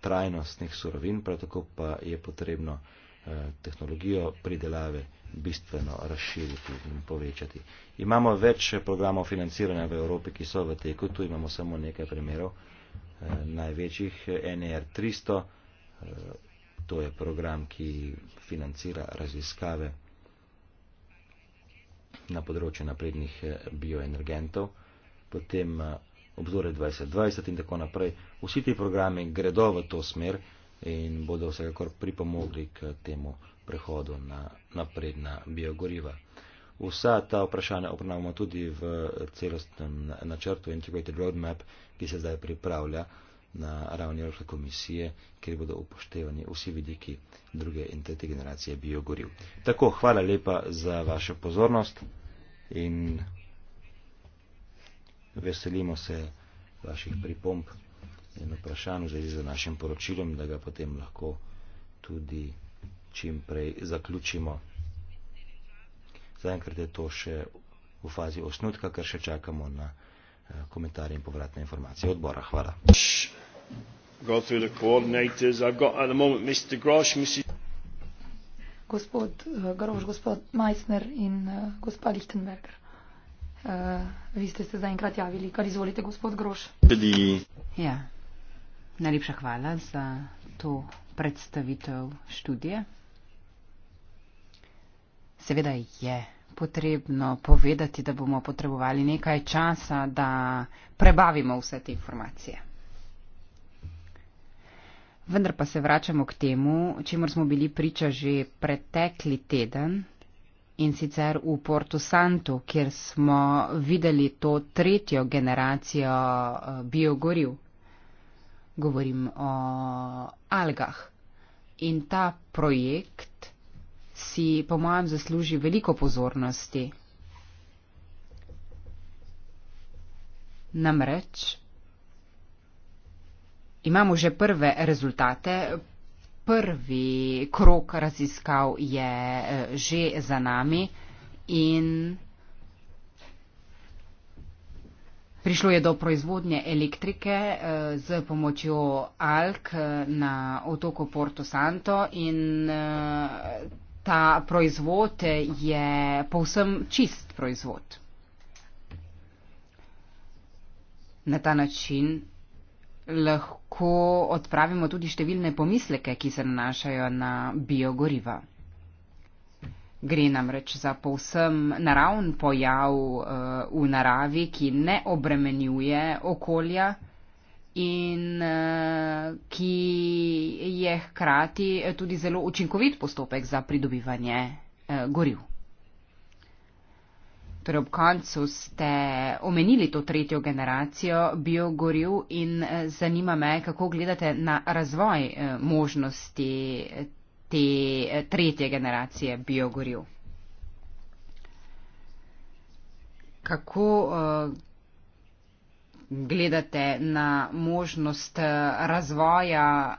trajnostnih surovin, prav tako pa je potrebno eh, tehnologijo pridelave bistveno razširiti in povečati. Imamo več programov financiranja v Evropi, ki so v teku, tu imamo samo nekaj primerov, eh, največjih NR300, e eh, to je program, ki financira raziskave na področju naprednih eh, bioenergentov, potem eh, obzore 2020 in tako naprej. Vsi ti programi gredo v to smer in bodo vsekakor pripomogli k temu prehodu na napredna biogoriva. Vsa ta vprašanja obravnavamo tudi v celostnem načrtu Integrated Roadmap, ki se zdaj pripravlja na ravni Evropske komisije, kjer bodo upoštevani vsi vidiki druge in tretje generacije biogoriv. Tako, hvala lepa za vašo pozornost in veselimo se vaših pripomb in vprašanj v zvezi z našim poročilom, da ga potem lahko tudi čim prej zaključimo. Zaenkrat je to še v fazi osnutka, ker še čakamo na eh, komentarje in povratne informacije odbora. Hvala go through the coordinators. I've got at the moment Mr. Grosh, Mrs. Gospod uh, eh, Grosh, gospod Meissner in uh, eh, gospod Lichtenberger. Uh, vi ste se zaenkrat javili, kar izvolite, gospod Grosh. Ja. Najlepša hvala za to predstavitev študije. Seveda je potrebno povedati, da bomo potrebovali nekaj časa, da prebavimo vse te informacije. Vendar pa se vračamo k temu, čemur smo bili priča že pretekli teden in sicer v Porto Santo, kjer smo videli to tretjo generacijo eh, biogoriv. Govorim o algah. In ta projekt si, po mojem, zasluži veliko pozornosti. Namreč Imamo že prve rezultate. Prvi krok raziskav je eh, že za nami in prišlo je do proizvodnje elektrike eh, z pomočjo Alk eh, na otoku Porto Santo in ta proizvod je povsem čist proizvod. Na ta način lahko odpravimo tudi številne pomisleke, ki se nanašajo na biogoriva. Gre namreč za povsem naravn pojav eh, v naravi, ki ne obremenjuje okolja in eh, ki je hkrati tudi zelo učinkovit postopek za pridobivanje eh, goriv. Ker torej, ob koncu ste omenili to tretjo generacijo biogoriv in eh, zanima me, kako gledate na razvoj eh, možnosti eh, te tretje generacije biogoriv. Kako uh, gledate na možnost razvoja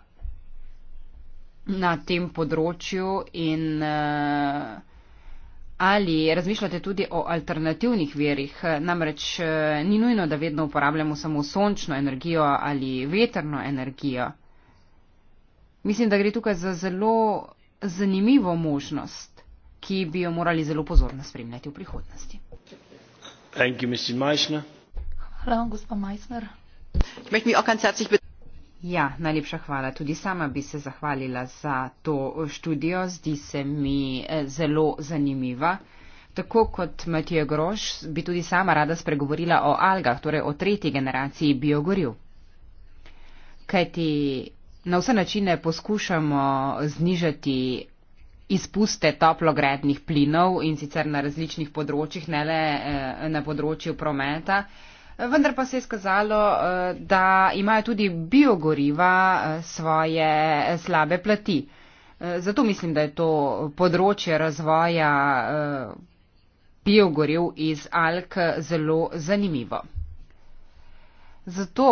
na tem področju in uh, Ali razmišljate tudi o alternativnih verjih? Namreč eh, ni nujno, da vedno uporabljamo samo sončno energijo ali veterno energijo. Mislim, da gre tukaj za zelo zanimivo možnost, ki bi jo morali zelo pozorno spremljati v prihodnosti. Thank you, Hvala, gospod Majsner. Ja, najlepša hvala. Tudi sama bi se zahvalila za to študijo. Zdi se mi eh, zelo zanimiva. Tako kot Matija Groš, bi tudi sama rada spregovorila o algah, torej o tretji generaciji biogoril. Kajti na vse načine poskušamo znižati izpuste toplogrednih plinov in sicer na različnih področjih, ne le eh, na področju prometa vendar pa se je skazalo, eh, da imajo tudi biogoriva eh, svoje eh, slabe plati. Zato mislim, da je to področje razvoja biogoriv iz Alk zelo zanimivo. Zato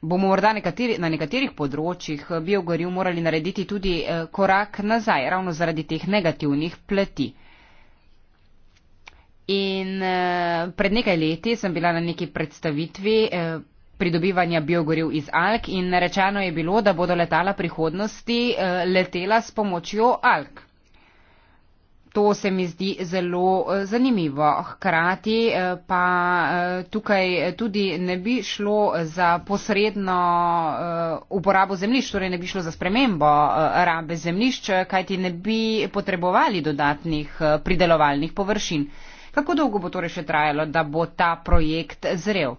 bomo morda nekateri, na nekaterih področjih biogoriv morali narediti tudi korak nazaj, ravno zaradi teh negativnih plati. In uh, pred nekaj leti sem bila na neki predstavitvi uh, pridobivanja biogoriv iz Alk in rečeno je bilo, da bodo letala prihodnosti uh, letela s pomočjo Alk. To se mi zdi zelo uh, zanimivo. Hkrati uh, pa uh, tukaj tudi ne bi šlo za posredno uh, uporabo zemljišč, torej ne bi šlo za spremembo uh, rabe zemljišč, kajti ne bi potrebovali dodatnih uh, pridelovalnih površin. Uh, Kako dolgo bo torej še trajalo, da bo ta projekt zrel?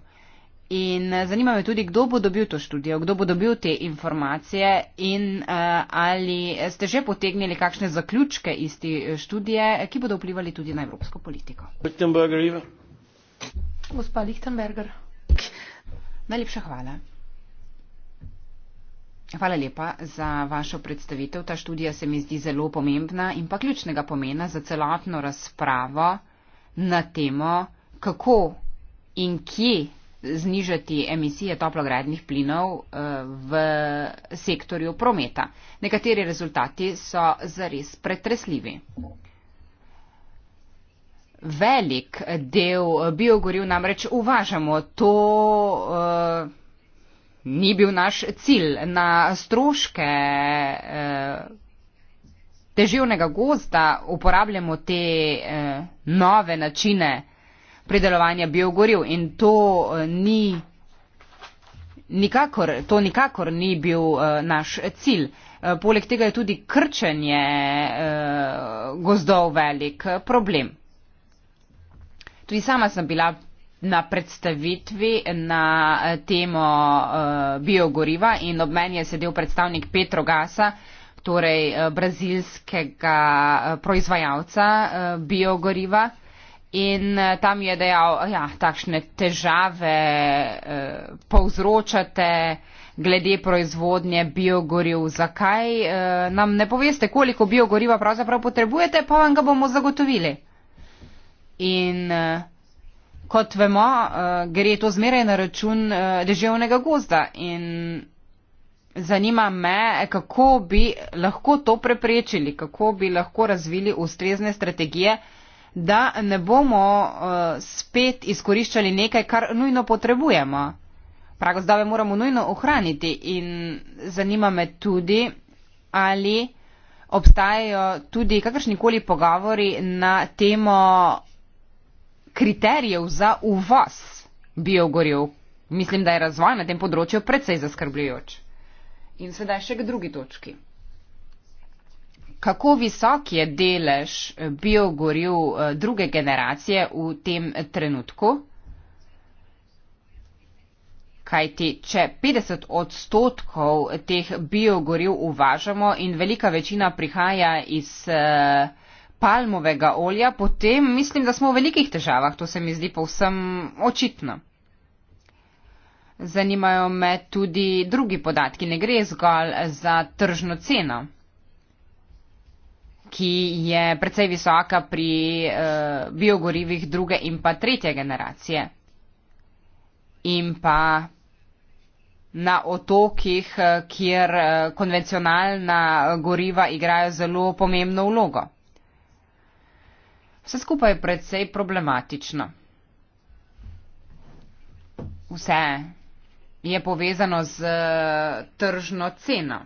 In eh, zanima me tudi, kdo bo dobil to študijo, kdo bo dobil te informacije in uh, ali ste že potegnili kakšne zaključke iz te eh, študije, ki bodo vplivali tudi na evropsko politiko. Lichtenberger, Iva. Gospa Lichtenberger. Najlepša hvala. Hvala lepa za vašo predstavitev. Ta študija se mi zdi zelo pomembna in pa ključnega pomena za celotno razpravo na temo, kako in kje znižati emisije toplogradnih plinov eh, v sektorju prometa. Nekateri rezultati so zares pretresljivi. Velik del biogoriv namreč uvažamo. To uh, ni bil naš cilj. Na stroške uh, teživnega gozda uporabljamo te eh, nove načine pridelovanja biogoriv in to eh, ni nikakor, to nikakor ni bil eh, naš cilj. Eh, poleg tega je tudi krčenje eh, gozdov velik eh, problem. Tudi sama sem bila na predstavitvi na eh, temo uh, biogoriva in ob meni je sedel predstavnik Petro Gasa, uh, torej eh, brazilskega eh, proizvajalca eh, biogoriva. In tam je dejal, da ja, takšne težave eh, povzročate glede proizvodnje biogoriv. Zakaj eh, nam ne poveste, koliko biogoriva pravzaprav potrebujete, pa vam ga bomo zagotovili. In eh, kot vemo, eh, gre to zmeraj na račun eh, deževnega gozda. In zanima me, kako bi lahko to preprečili, kako bi lahko razvili ustrezne strategije, da ne bomo uh, spet izkoriščali nekaj, kar nujno potrebujemo. Pragozdave moramo nujno ohraniti in zanima me tudi, ali obstajajo tudi kakršnikoli pogovori na temo kriterijev za uvoz biogorjev. Mislim, da je razvoj na tem področju predvsej zaskrbljujoč. In sedaj še k drugi točki. Kako visok je delež eh, biogoriv eh, druge generacije v tem trenutku? Kajti, če 50 odstotkov teh biogoriv uvažamo in velika večina prihaja iz eh, palmovega olja, potem mislim, da smo v velikih težavah. To se mi zdi povsem očitno. Zanimajo me tudi drugi podatki, ne gre zgolj za tržno ceno, ki je precej visoka pri uh, biogorivih druge in pa tretje generacije. In pa na otokih, eh, kjer eh, konvencionalna goriva igrajo zelo pomembno vlogo. Vse skupaj je precej problematično. Vse je povezano z eh, tržno ceno.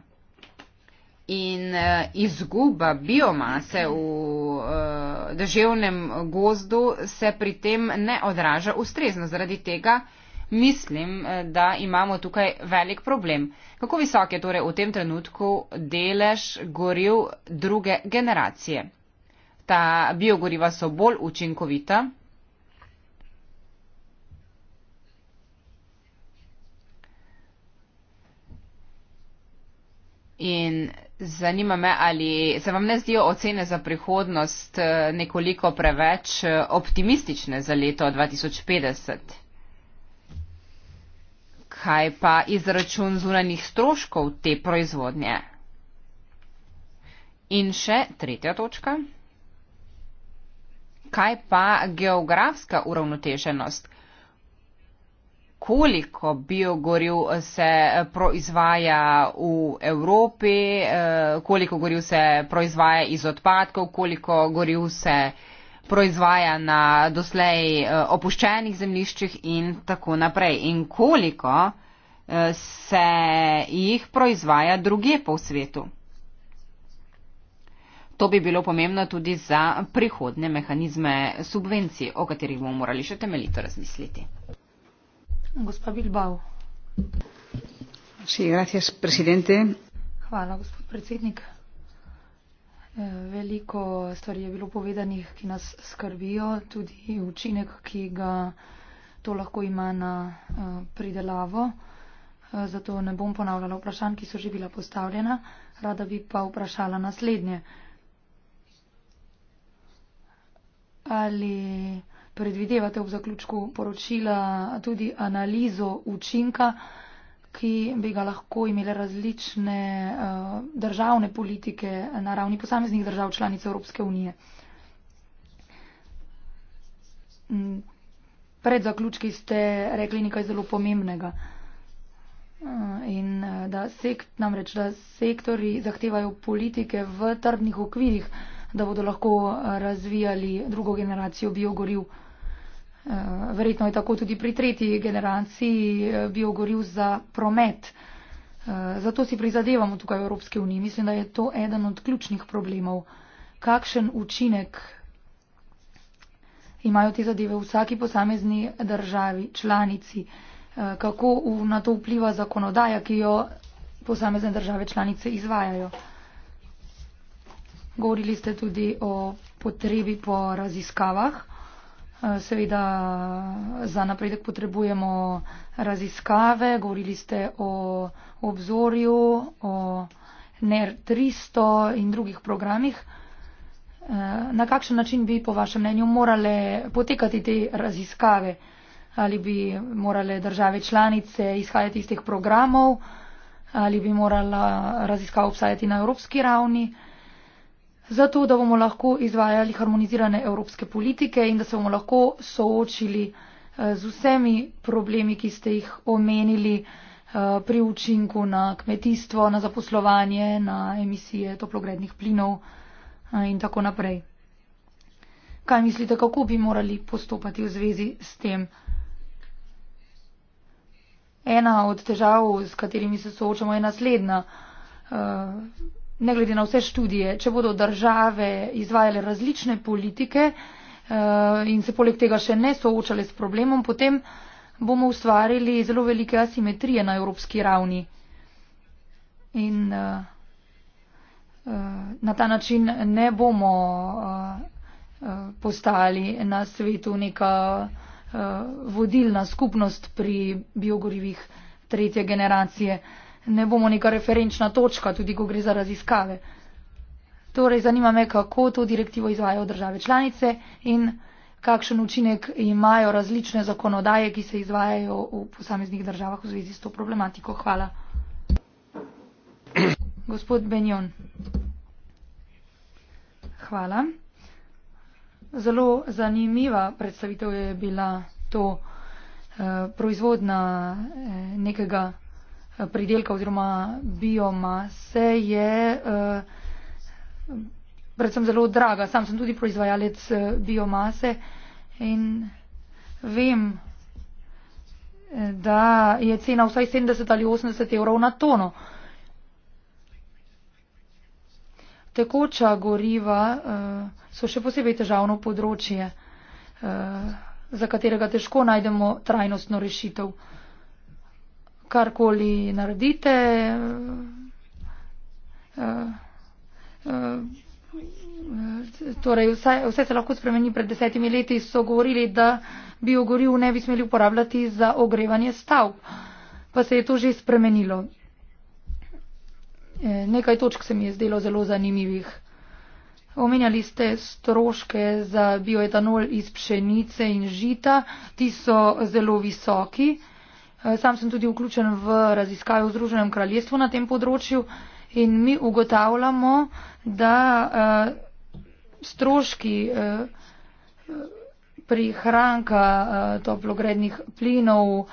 In eh, izguba biomase v eh, deževnem gozdu se pri tem ne odraža ustrezno. Zaradi tega mislim, da imamo tukaj velik problem. Kako visok je torej v tem trenutku delež goril druge generacije? Ta biogoriva so bolj učinkovita. In zanima me, ali se vam ne zdijo ocene za prihodnost eh, nekoliko preveč eh, optimistične za leto 2050? Kaj pa izračun zunanih stroškov te proizvodnje? In še tretja točka. Kaj pa geografska uravnoteženost? koliko biogoriv se proizvaja v Evropi, eh, koliko goriv se proizvaja iz odpadkov, koliko goriv se proizvaja na doslej eh, opuščenih zemliščih in tako naprej. In koliko eh, se jih proizvaja druge po svetu. To bi bilo pomembno tudi za prihodne mehanizme subvencij, o katerih bomo morali še temeljito razmisliti gospa Bilbao. Sí, gracias, presidente. Hvala, gospod predsednik. Eh, veliko stvari je bilo povedanih, ki nas skrbijo, tudi učinek, ki ga to lahko ima na eh, pridelavo. Eh, zato ne bom ponavljala vprašanj, ki so že bila postavljena. Rada bi pa vprašala naslednje. Ali predvidevate v zaključku poročila tudi analizo učinka, ki bi ga lahko imele različne eh, državne politike na ravni posameznih držav članic Evropske unije. Mm, pred zaključki ste rekli nekaj zelo pomembnega. Eh, in eh, da sekt, namreč, da sektori zahtevajo politike v trdnih okvirih, da bodo lahko razvijali drugo generacijo biogoriv. Eh, verjetno je tako tudi pri tretji generaciji eh, biogoriv za promet. Eh, zato si prizadevamo tukaj v Evropske unije. Mislim, da je to eden od ključnih problemov. Kakšen učinek imajo te zadeve v vsaki posamezni državi, članici? Kako na to vpliva zakonodaja, ki jo posamezne države članice izvajajo? Govorili ste tudi o potrebi po raziskavah. Seveda za napredek potrebujemo raziskave. Govorili ste o obzorju, o NER 300 in drugih programih. Eh, na kakšen način bi po vašem mnenju morale potekati te raziskave? Ali bi morale države članice izhajati iz teh programov? Ali bi morala raziskava obstajati na evropski ravni? Uh, zato da bomo lahko izvajali harmonizirane evropske politike in da se bomo lahko soočili eh, z vsemi problemi, ki ste jih omenili eh, pri učinku na kmetijstvo, na zaposlovanje, na emisije toplogrednih plinov eh, in tako naprej. Kaj mislite, kako bi morali postopati v zvezi s tem? Ena od težav, s katerimi se soočamo, je naslednja ne glede na vse študije, če bodo države izvajale različne politike eh, in se poleg tega še ne soočale s problemom, potem bomo ustvarili zelo velike asimetrije na evropski ravni. In eh, eh, na ta način ne bomo postali na svetu neka vodilna skupnost pri biogorivih tretje generacije ne bomo neka referenčna točka, tudi ko gre za raziskave. Torej, zanima me, kako to direktivo izvajo države članice in kakšen učinek imajo različne zakonodaje, ki se izvajajo v posameznih državah v zvezi s to problematiko. Hvala. Gospod Benjon. Hvala. Zelo zanimiva predstavitev je bila to eh, proizvodna eh, nekega Eh, pridelka oziroma biomase je eh, predvsem zelo draga. Sam sem tudi proizvajalec eh, biomase in vem, da je cena vsaj 70 ali 80 evrov na tono. Tekoča goriva so še posebej težavno področje, za katerega težko najdemo trajnostno rešitev karkoli naredite, eh, eh, torej vse, vse se lahko spremeni. Pred desetimi leti so govorili, da biogoriv ne bi smeli uporabljati za ogrevanje stavb, pa se je to že spremenilo. Eh, nekaj točk se mi je zdelo zelo zanimivih. Omenjali ste stroške za bioetanol iz pšenice in žita, ti so zelo visoki. Eh, sam sem tudi vključen v raziskave v Združenem kraljestvu na tem področju in mi ugotavljamo, da eh, stroški eh, prihranka toplogrednih plinov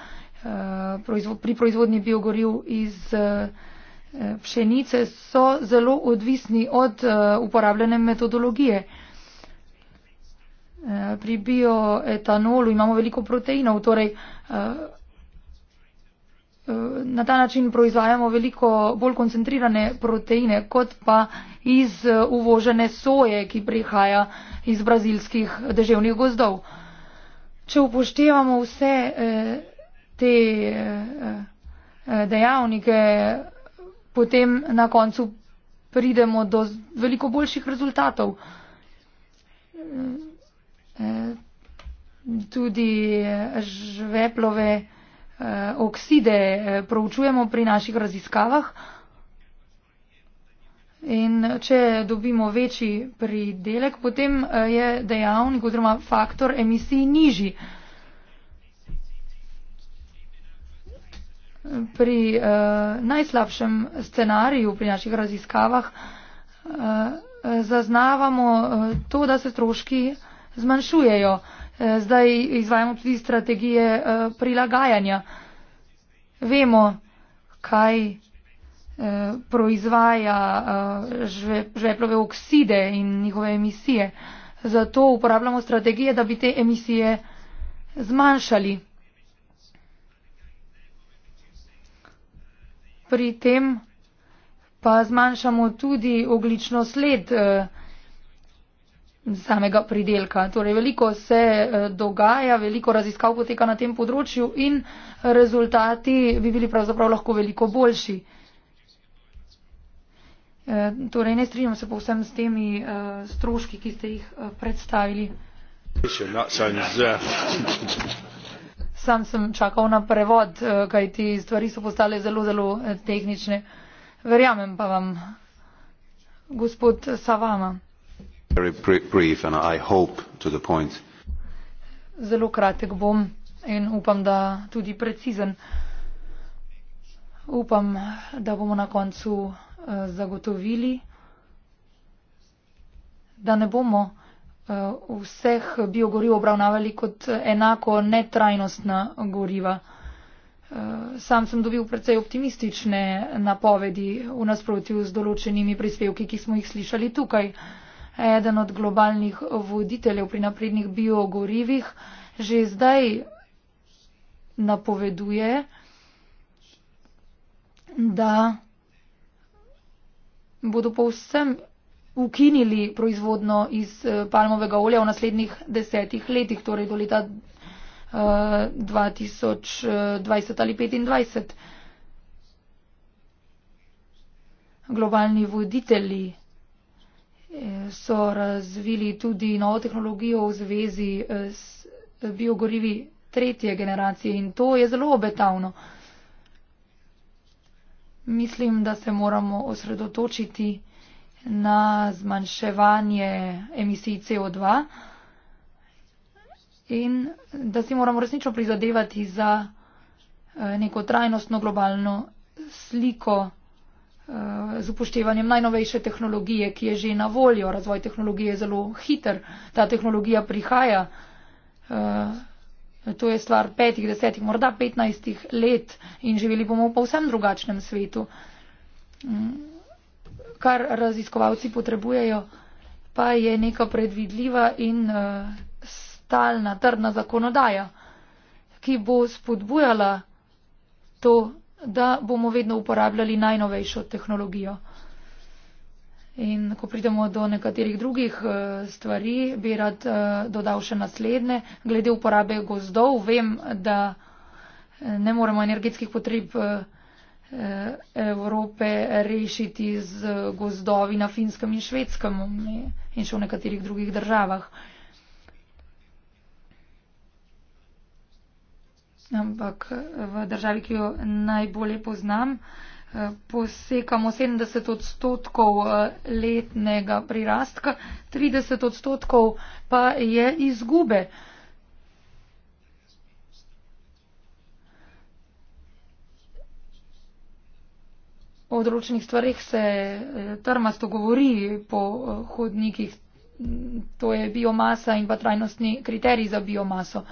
pri proizvodnji biogoriv iz pšenice so zelo odvisni od uporabljene metodologije. Pri bioetanolu imamo veliko proteinov, torej proteinov, na ta način proizvajamo veliko bolj koncentrirane proteine, kot pa iz uh, uvožene soje, ki prihaja iz brazilskih deževnih gozdov. Če upoštevamo vse uh, te uh, dejavnike, potem na koncu pridemo do veliko boljših rezultatov. Tudi žveplove eh, okside eh, proučujemo pri naših raziskavah. In če dobimo večji pridelek, potem eh, je dejavnik oziroma faktor emisij nižji. Pri eh, najslabšem scenariju pri naših raziskavah eh, zaznavamo eh, to, da se stroški zmanjšujejo. Eh, Eh, zdaj izvajamo tudi strategije eh, prilagajanja. Vemo, kaj eh, proizvaja žveplove okside in njihove emisije. Zato uporabljamo strategije, da bi te emisije zmanjšali. Pri tem pa zmanjšamo tudi oglično sled. Uh, samega pridelka. Torej, veliko se eh, dogaja, veliko raziskav poteka na tem področju in rezultati bi bili pravzaprav lahko veliko boljši. Eh, torej, ne strinjam se povsem s temi eh, stroški, ki ste jih predstavili. Sam sem čakal na prevod, kaj ti stvari so postale zelo, zelo tehnične. Verjamem pa vam, gospod Savama. Zelo kratek bom in upam, da tudi precizen. Upam, da bomo na koncu eh, zagotovili, da ne bomo eh, vseh biogoriv obravnavali kot eh, enako netrajnostna goriva. Sam sem dobil precej optimistične napovedi v nasprotju z določenimi prispevki, ki smo jih slišali tukaj eden od globalnih voditeljev pri naprednih biogorivih, že zdaj napoveduje, da bodo povsem ukinili proizvodno iz eh, palmovega olja v naslednjih desetih letih, torej do leta 2020 eh, eh, ali 2025. Globalni voditelji so razvili tudi novo tehnologijo v zvezi eh, s eh, biogorivi tretje generacije in to je zelo obetavno. Mislim, da se moramo osredotočiti na zmanjševanje emisij CO2 in da si moramo resnično prizadevati za eh, neko trajnostno globalno sliko z upoštevanjem najnovejše tehnologije, ki je že na voljo. Razvoj tehnologije je zelo hiter, ta tehnologija prihaja. Eh, to je stvar petih, desetih, morda petnajstih let in živeli bomo v povsem drugačnem svetu. Mm, kar raziskovalci potrebujejo, pa je neka predvidljiva in eh, stalna, trdna zakonodaja, ki bo spodbujala to da bomo vedno uporabljali najnovejšo tehnologijo. In ko pridemo do nekaterih drugih eh, stvari, bi rad eh, dodal še naslednje. Glede uporabe gozdov, vem, da eh, ne moremo energetskih potreb Evrope rešiti z gozdovi na finskem in švedskem in še v nekaterih drugih državah. ampak eh, v državi, ki jo najbolje poznam, eh, posekamo 70 odstotkov eh, letnega prirastka, 30 odstotkov pa je izgube. O odročnih stvarih se trmasto govori po hodnikih, to je biomasa in pa trajnostni kriterij za biomaso. Uh,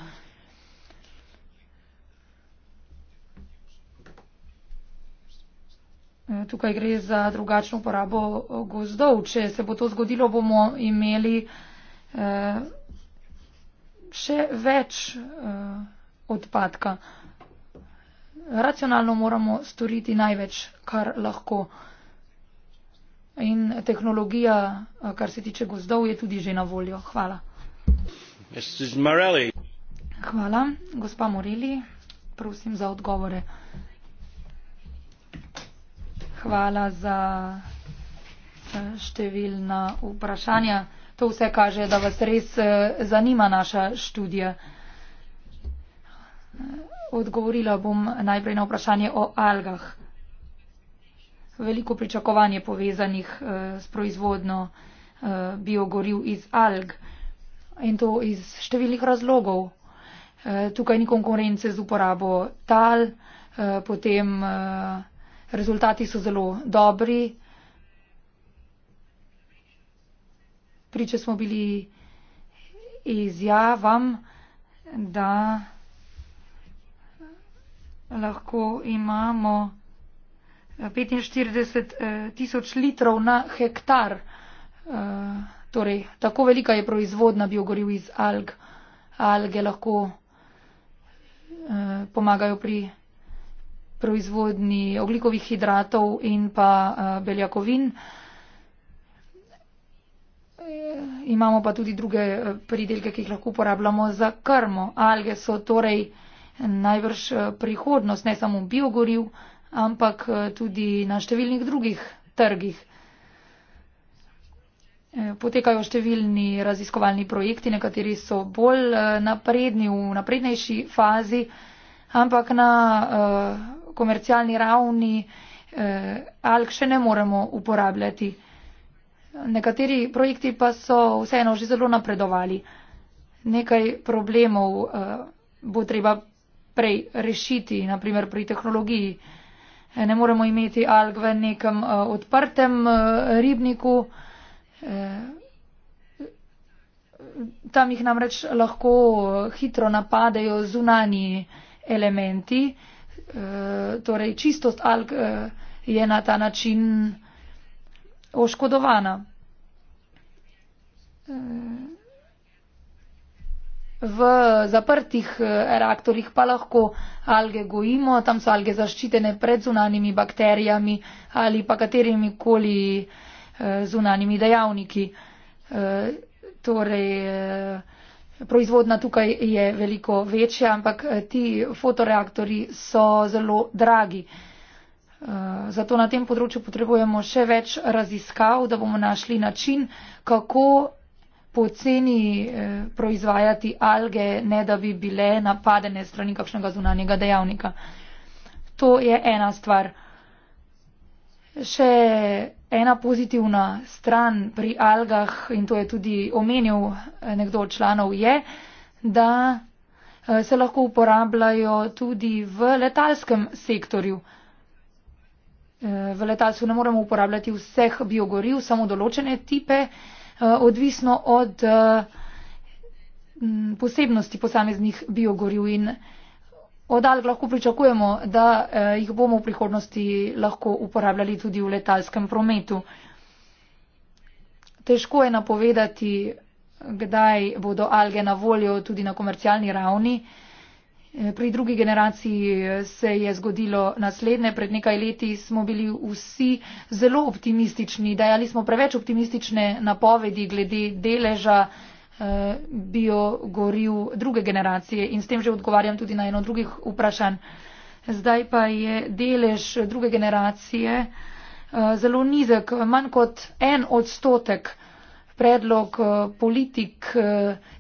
Tukaj gre za drugačno uporabo eh, gozdov. Če se bo to zgodilo, bomo imeli eh, še več eh, odpadka. Racionalno moramo storiti največ, kar lahko. In tehnologija, kar se tiče gozdov, je tudi že na voljo. Hvala. Hvala. Gospa Morelli, prosim za odgovore. Hvala za eh, številna vprašanja. To vse kaže, da vas res eh, zanima naša študija. Odgovorila bom najprej na vprašanje o algah. Veliko pričakovanje povezanih eh, s proizvodno biogoriv iz alg in to iz številnih razlogov. Tukaj ni konkurence z uporabo tal, potem Rezultati so zelo dobri. Priče smo bili izjavam, da lahko imamo 45 eh, tisoč litrov na hektar. Eh, torej, tako velika je proizvodna biogoriv iz alg. Alge lahko eh, pomagajo pri proizvodnji oglikovih hidratov in pa eh, beljakovin. Eh, imamo pa tudi druge eh, pridelke, ki jih lahko uporabljamo za krmo. Alge so torej najvrš prihodnost ne samo biogoriv, ampak tudi na številnih drugih trgih. Potekajo številni raziskovalni projekti, nekateri so bolj napredni v naprednejši fazi, ampak na komercialni ravni eh, alg še ne moremo uporabljati. Nekateri projekti pa so vseeno že zelo napredovali. Nekaj problemov eh, bo treba prej rešiti, naprimer pri tehnologiji. Eh, ne moremo imeti alg v nekem eh, odprtem eh, ribniku. Eh, tam jih namreč lahko eh, hitro napadejo zunani elementi. Eh, Eh, torej čistost alg eh, je na ta način oškodovana. Eh, v zaprtih reaktorjih pa lahko alge gojimo, tam so alge zaščitene pred zunanimi bakterijami ali pa katerimi koli zunanimi dejavniki. Torej, Proizvodna tukaj je veliko večja, ampak eh, ti fotoreaktori so zelo dragi. Eh, zato na tem področju potrebujemo še več raziskav, da bomo našli način, kako poceni eh, proizvajati alge, ne da bi bile napadene strani kakšnega zunanjega dejavnika. To je ena stvar. Še ena pozitivna stran pri algah, in to je tudi omenil eh, nekdo od članov, je, da eh, se lahko uporabljajo tudi v letalskem sektorju. Eh, v letalstvu ne moremo uporabljati vseh biogoriv, samo določene tipe, odvisno od posebnosti posameznih biogoriv in Od alg lahko pričakujemo, da eh, jih bomo v prihodnosti lahko uporabljali tudi v letalskem prometu. Težko je napovedati, kdaj bodo alge na voljo tudi na komercialni ravni. Eh, pri drugi generaciji eh, se je zgodilo naslednje. Pred nekaj leti smo bili vsi zelo optimistični, dajali smo preveč optimistične napovedi glede deleža Eh, biogoriv druge generacije in s tem že odgovarjam tudi na eno drugih vprašanj. Zdaj pa je delež druge generacije eh, zelo nizek, manj kot en odstotek predlog eh, politik,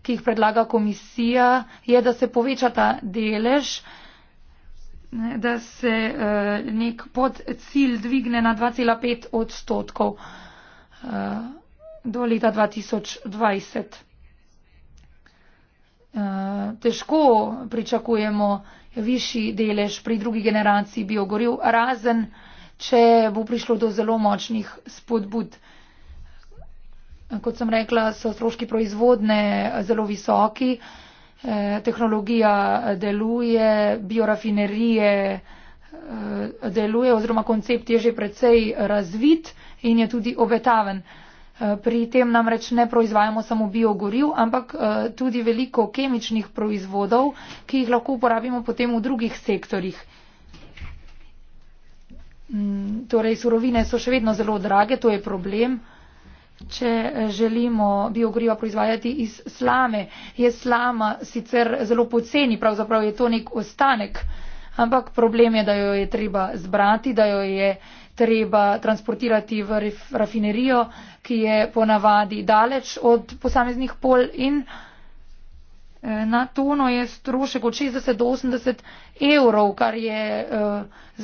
ki jih predlaga komisija, je, da se poveča ta delež, da se nek pod cilj dvigne na 2,5 odstotkov do leta 2020. Eh, težko pričakujemo višji delež pri drugi generaciji biogoriv, razen če bo prišlo do zelo močnih spodbud. Kot sem rekla, so stroški proizvodne zelo visoki, eh, tehnologija deluje, biorafinerije eh, deluje oziroma koncept je že precej razvit in je tudi obetaven. Eh, pri tem namreč ne proizvajamo samo biogoriv, ampak eh, tudi veliko kemičnih proizvodov, ki jih lahko uporabimo potem v drugih sektorjih. Mm, torej, surovine so še vedno zelo drage, to je problem. Če eh, želimo biogoriva proizvajati iz slame, je slama sicer zelo poceni, pravzaprav je to nek ostanek. Ampak problem je, da jo je treba zbrati, da jo je treba transportirati v rafinerijo, ki je ponavadi daleč od posameznih pol in eh, na tono je strošek od 60 do 80 evrov, kar je eh,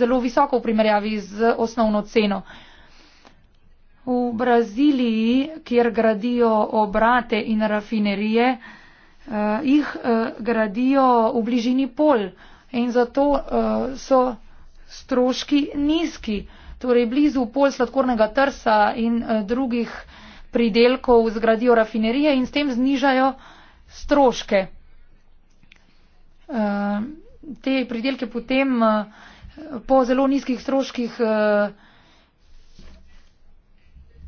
zelo visoko v primerjavi z osnovno ceno. V Braziliji, kjer gradijo obrate in rafinerije, eh, jih gradijo v bližini pol in zato uh, so stroški nizki, torej blizu pol sladkornega trsa in uh, drugih pridelkov zgradijo rafinerije in s tem znižajo stroške. Uh, te pridelke potem uh, po zelo nizkih stroških uh,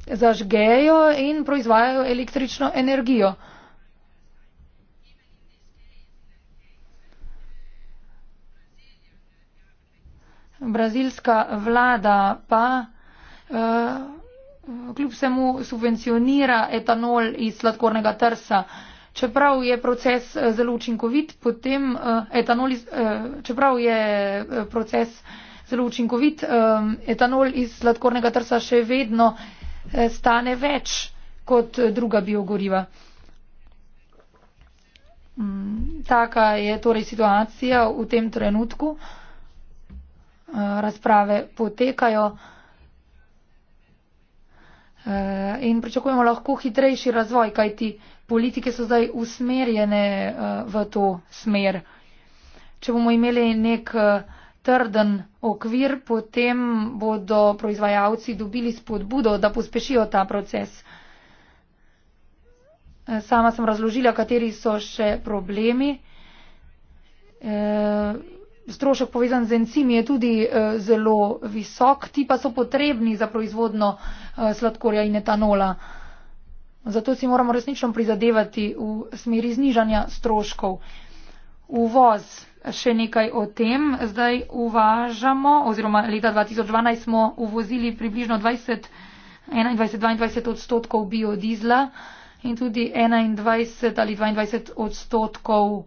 zažgejo in proizvajajo električno energijo. Uh, Brazilska vlada pa eh, kljub vsemu subvencionira etanol iz sladkornega trsa. Čeprav je proces eh, zelo učinkovit, potem eh, etanol, čeprav je proces zelo učinkovit, etanol iz sladkornega trsa še vedno stane več kot druga biogoriva. Mm, taka je torej situacija v tem trenutku razprave potekajo eh, in pričakujemo lahko hitrejši razvoj, kajti politike so zdaj usmerjene eh, v to smer. Če bomo imeli nek eh, trden okvir, potem bodo proizvajalci dobili spodbudo, da pospešijo ta proces. Sama sem razložila, kateri so še problemi strošek povezan z encimi je tudi eh, zelo visok, ti pa so potrebni za proizvodno eh, sladkorja in etanola. Zato si moramo resnično prizadevati v smeri znižanja stroškov. Uvoz, še nekaj o tem. Zdaj uvažamo, oziroma leta 2012 smo uvozili približno 21-22 odstotkov biodizla in tudi 21 ali 22 odstotkov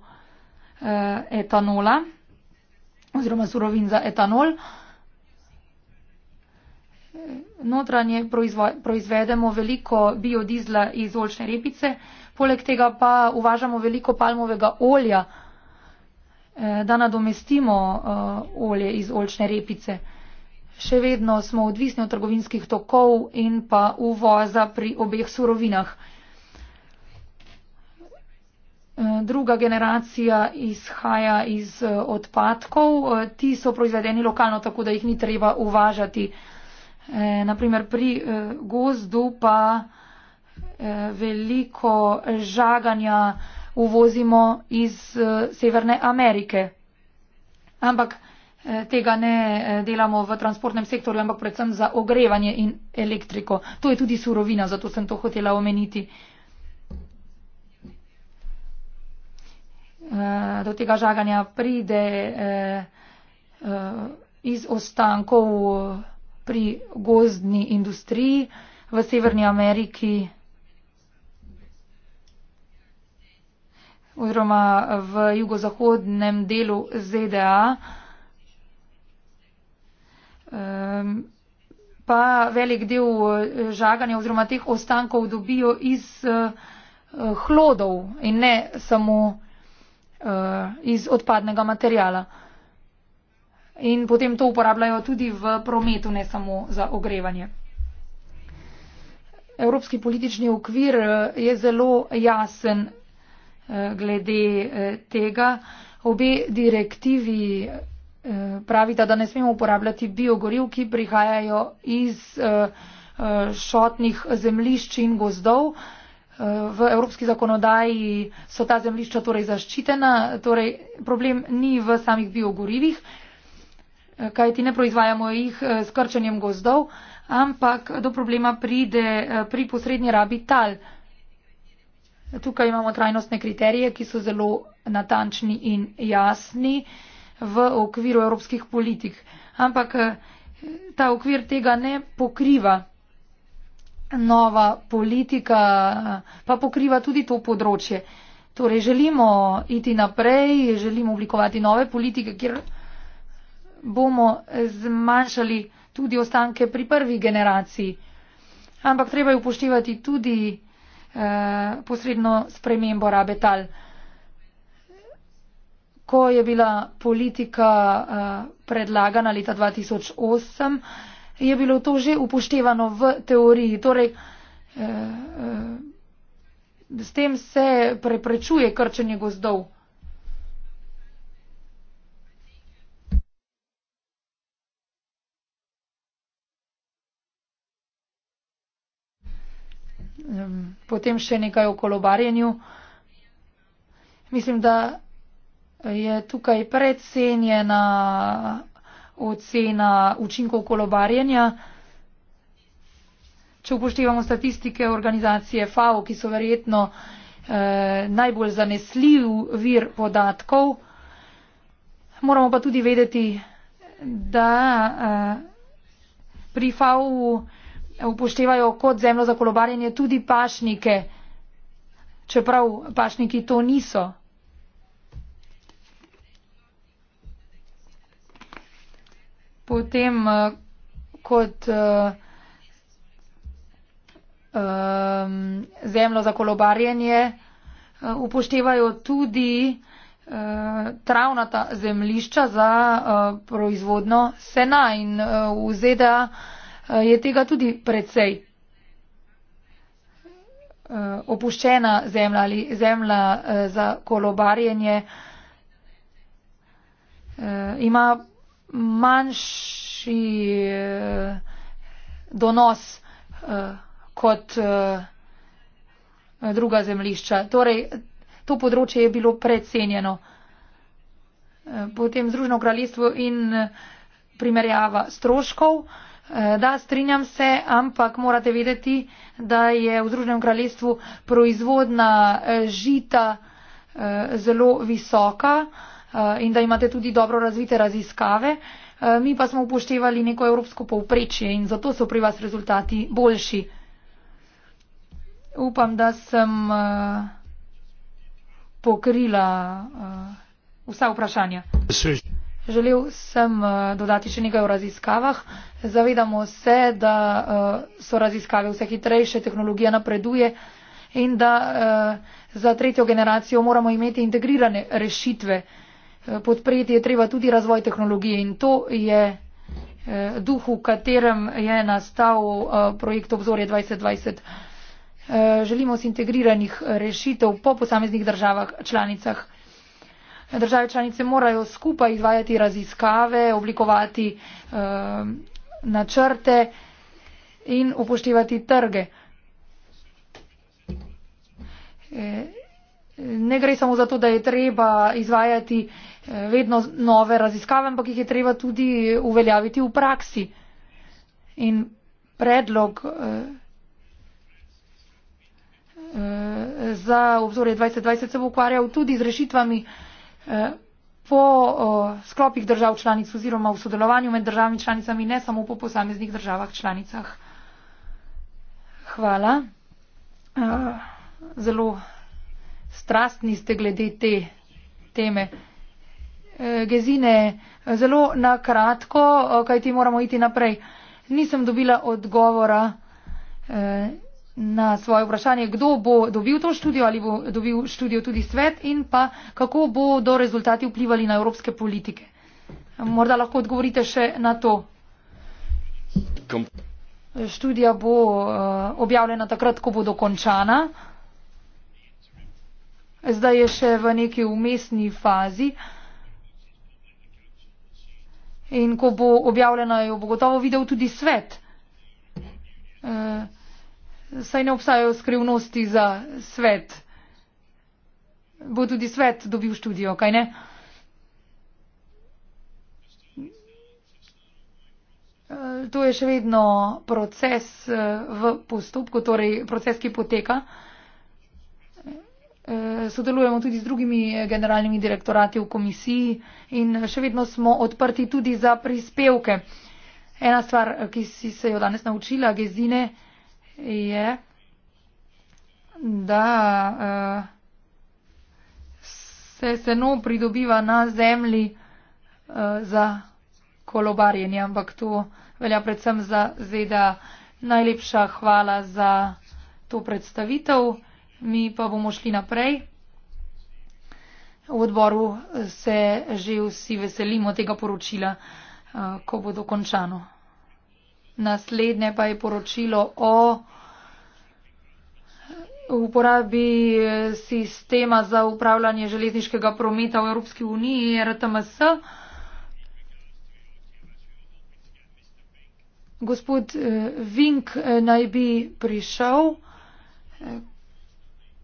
eh, etanola oziroma surovin za etanol. Notranje proizvedemo veliko biodizla iz oljčne repice, poleg tega pa uvažamo veliko palmovega olja, eh, da nadomestimo eh, olje iz oljčne repice. Še vedno smo odvisni od trgovinskih tokov in pa uvoza pri obeh surovinah. Druga generacija izhaja iz eh, odpadkov. Eh, ti so proizvedeni lokalno, tako da jih ni treba uvažati. Eh, Naprimer pri gozdu pa veliko žaganja uvozimo iz Severne Amerike. Ampak tega ne delamo v transportnem sektorju, ampak predvsem za ogrevanje in elektriko. To je tudi surovina, zato sem to hotela omeniti. Eh, do tega žaganja pride eh, eh, iz ostankov pri gozdni industriji v Severni Ameriki. oziroma v jugozahodnem delu ZDA, pa velik del žaganja oziroma teh ostankov dobijo iz hlodov in ne samo uh, iz odpadnega materijala. In potem to uporabljajo tudi v prometu, ne samo za ogrevanje. Evropski politični okvir eh, je zelo jasen eh, glede tega. Obe direktivi pravita, da ne smemo uporabljati biogoriv, ki prihajajo iz šotnih zemlišč in gozdov, v evropski zakonodaji so ta zemlišča torej zaščitena, torej problem ni v samih biogorivih, kajti ne proizvajamo jih eh, s krčenjem gozdov, ampak do problema pride eh, pri posrednji rabi tal. Tukaj imamo trajnostne kriterije, ki so zelo natančni in jasni v okviru evropskih politik. Ampak eh, ta okvir tega ne pokriva nova politika eh, pa pokriva tudi to področje. Torej, želimo iti naprej, želimo oblikovati nove politike, kjer bomo zmanjšali tudi ostanke pri prvi generaciji. Ampak treba je upoštevati tudi eh, posredno spremembo rabe tal. Ko je bila politika eh, predlagana leta 2008, je bilo to že upoštevano v teoriji. Torej, eh, eh, s tem se preprečuje krčenje gozdov. Ehm, potem še nekaj o kolobarjenju. Mislim, da je tukaj predcenjena ocena učinkov kolobarjenja. Če upoštevamo statistike organizacije FAO, ki so verjetno eh, najbolj zanesljiv vir podatkov, moramo pa tudi vedeti, da eh, pri FAO eh, upoštevajo kot zemljo za kolobarjenje tudi pašnike, čeprav pašniki to niso. Potem uh, kot uh, um, zemljo za kolobarjenje uh, upoštevajo tudi uh, travnata zemlišča za uh, proizvodno sena in uh, v ZDA uh, je tega tudi precej. Opuščena zemlja ali zemlja za kolobarjenje ima manjši eh, donos eh, kot eh, druga zemlišča. Torej, to področje je bilo precenjeno. Potem Združeno kraljestvo in primerjava stroškov. Da, strinjam se, ampak morate vedeti, da je v Združenem kraljestvu proizvodna žita zelo visoka. Eh, in da imate tudi dobro razvite raziskave. Eh, mi pa smo upoštevali neko evropsko povprečje in zato so pri vas rezultati boljši. Upam, da sem eh, pokrila vsa vprašanja. Želel sem dodati še nekaj o raziskavah. Zavedamo se, da so raziskave vse hitrejše, tehnologija napreduje in da za tretjo generacijo moramo imeti integrirane rešitve podpreti je treba tudi razvoj tehnologije in to je eh, duh, v katerem je nastal eh, projekt obzorje 2020. Eh, želimo si integriranih rešitev po posameznih državah članicah. Države članice morajo skupaj izvajati raziskave, oblikovati načrte in upoštevati trge. ne gre samo za to, da je treba izvajati eh, vedno nove raziskave, ampak jih je treba tudi uveljaviti v praksi. In predlog uh, uh, za obzorje 2020 se bo ukvarjal tudi z rešitvami uh, po uh, sklopih držav članic oziroma v sodelovanju med državami članicami, ne samo po posameznih državah članicah. Hvala. Uh, zelo strastni ste glede te teme. E, Gezine, zelo na kratko, e, kaj ti moramo iti naprej. Nisem dobila odgovora e, na svoje vprašanje, kdo bo dobil to študijo ali bo dobil študijo tudi svet in pa kako bodo rezultati vplivali na evropske politike. Morda lahko odgovorite še na to. Študija bo objavljena takrat, ko bo dokončana. Zdaj je še v neki umestni fazi. In ko bo objavljena, jo bo gotovo videl tudi svet. E, saj ne obstajajo skrivnosti za svet. Bo tudi svet dobil študijo, kaj ne? E, to je še vedno proces e, v postopku, torej proces, ki poteka. E, Eh, sodelujemo tudi z drugimi eh, generalnimi direktorati v komisiji in eh, še vedno smo odprti tudi za prispevke. Ena stvar, ki si se jo danes naučila, Gezine, je, da se seno pridobiva na zemlji za kolobarjenje, ampak to velja predvsem za zeda. Najlepša hvala za to predstavitev mi pa bomo šli naprej. V odboru se že vsi veselimo tega poročila, eh, ko bo dokončano. Naslednje pa je poročilo o uporabi sistema za upravljanje železniškega prometa v Evropski uniji RTMS. Gospod eh, Vink eh, naj bi prišel,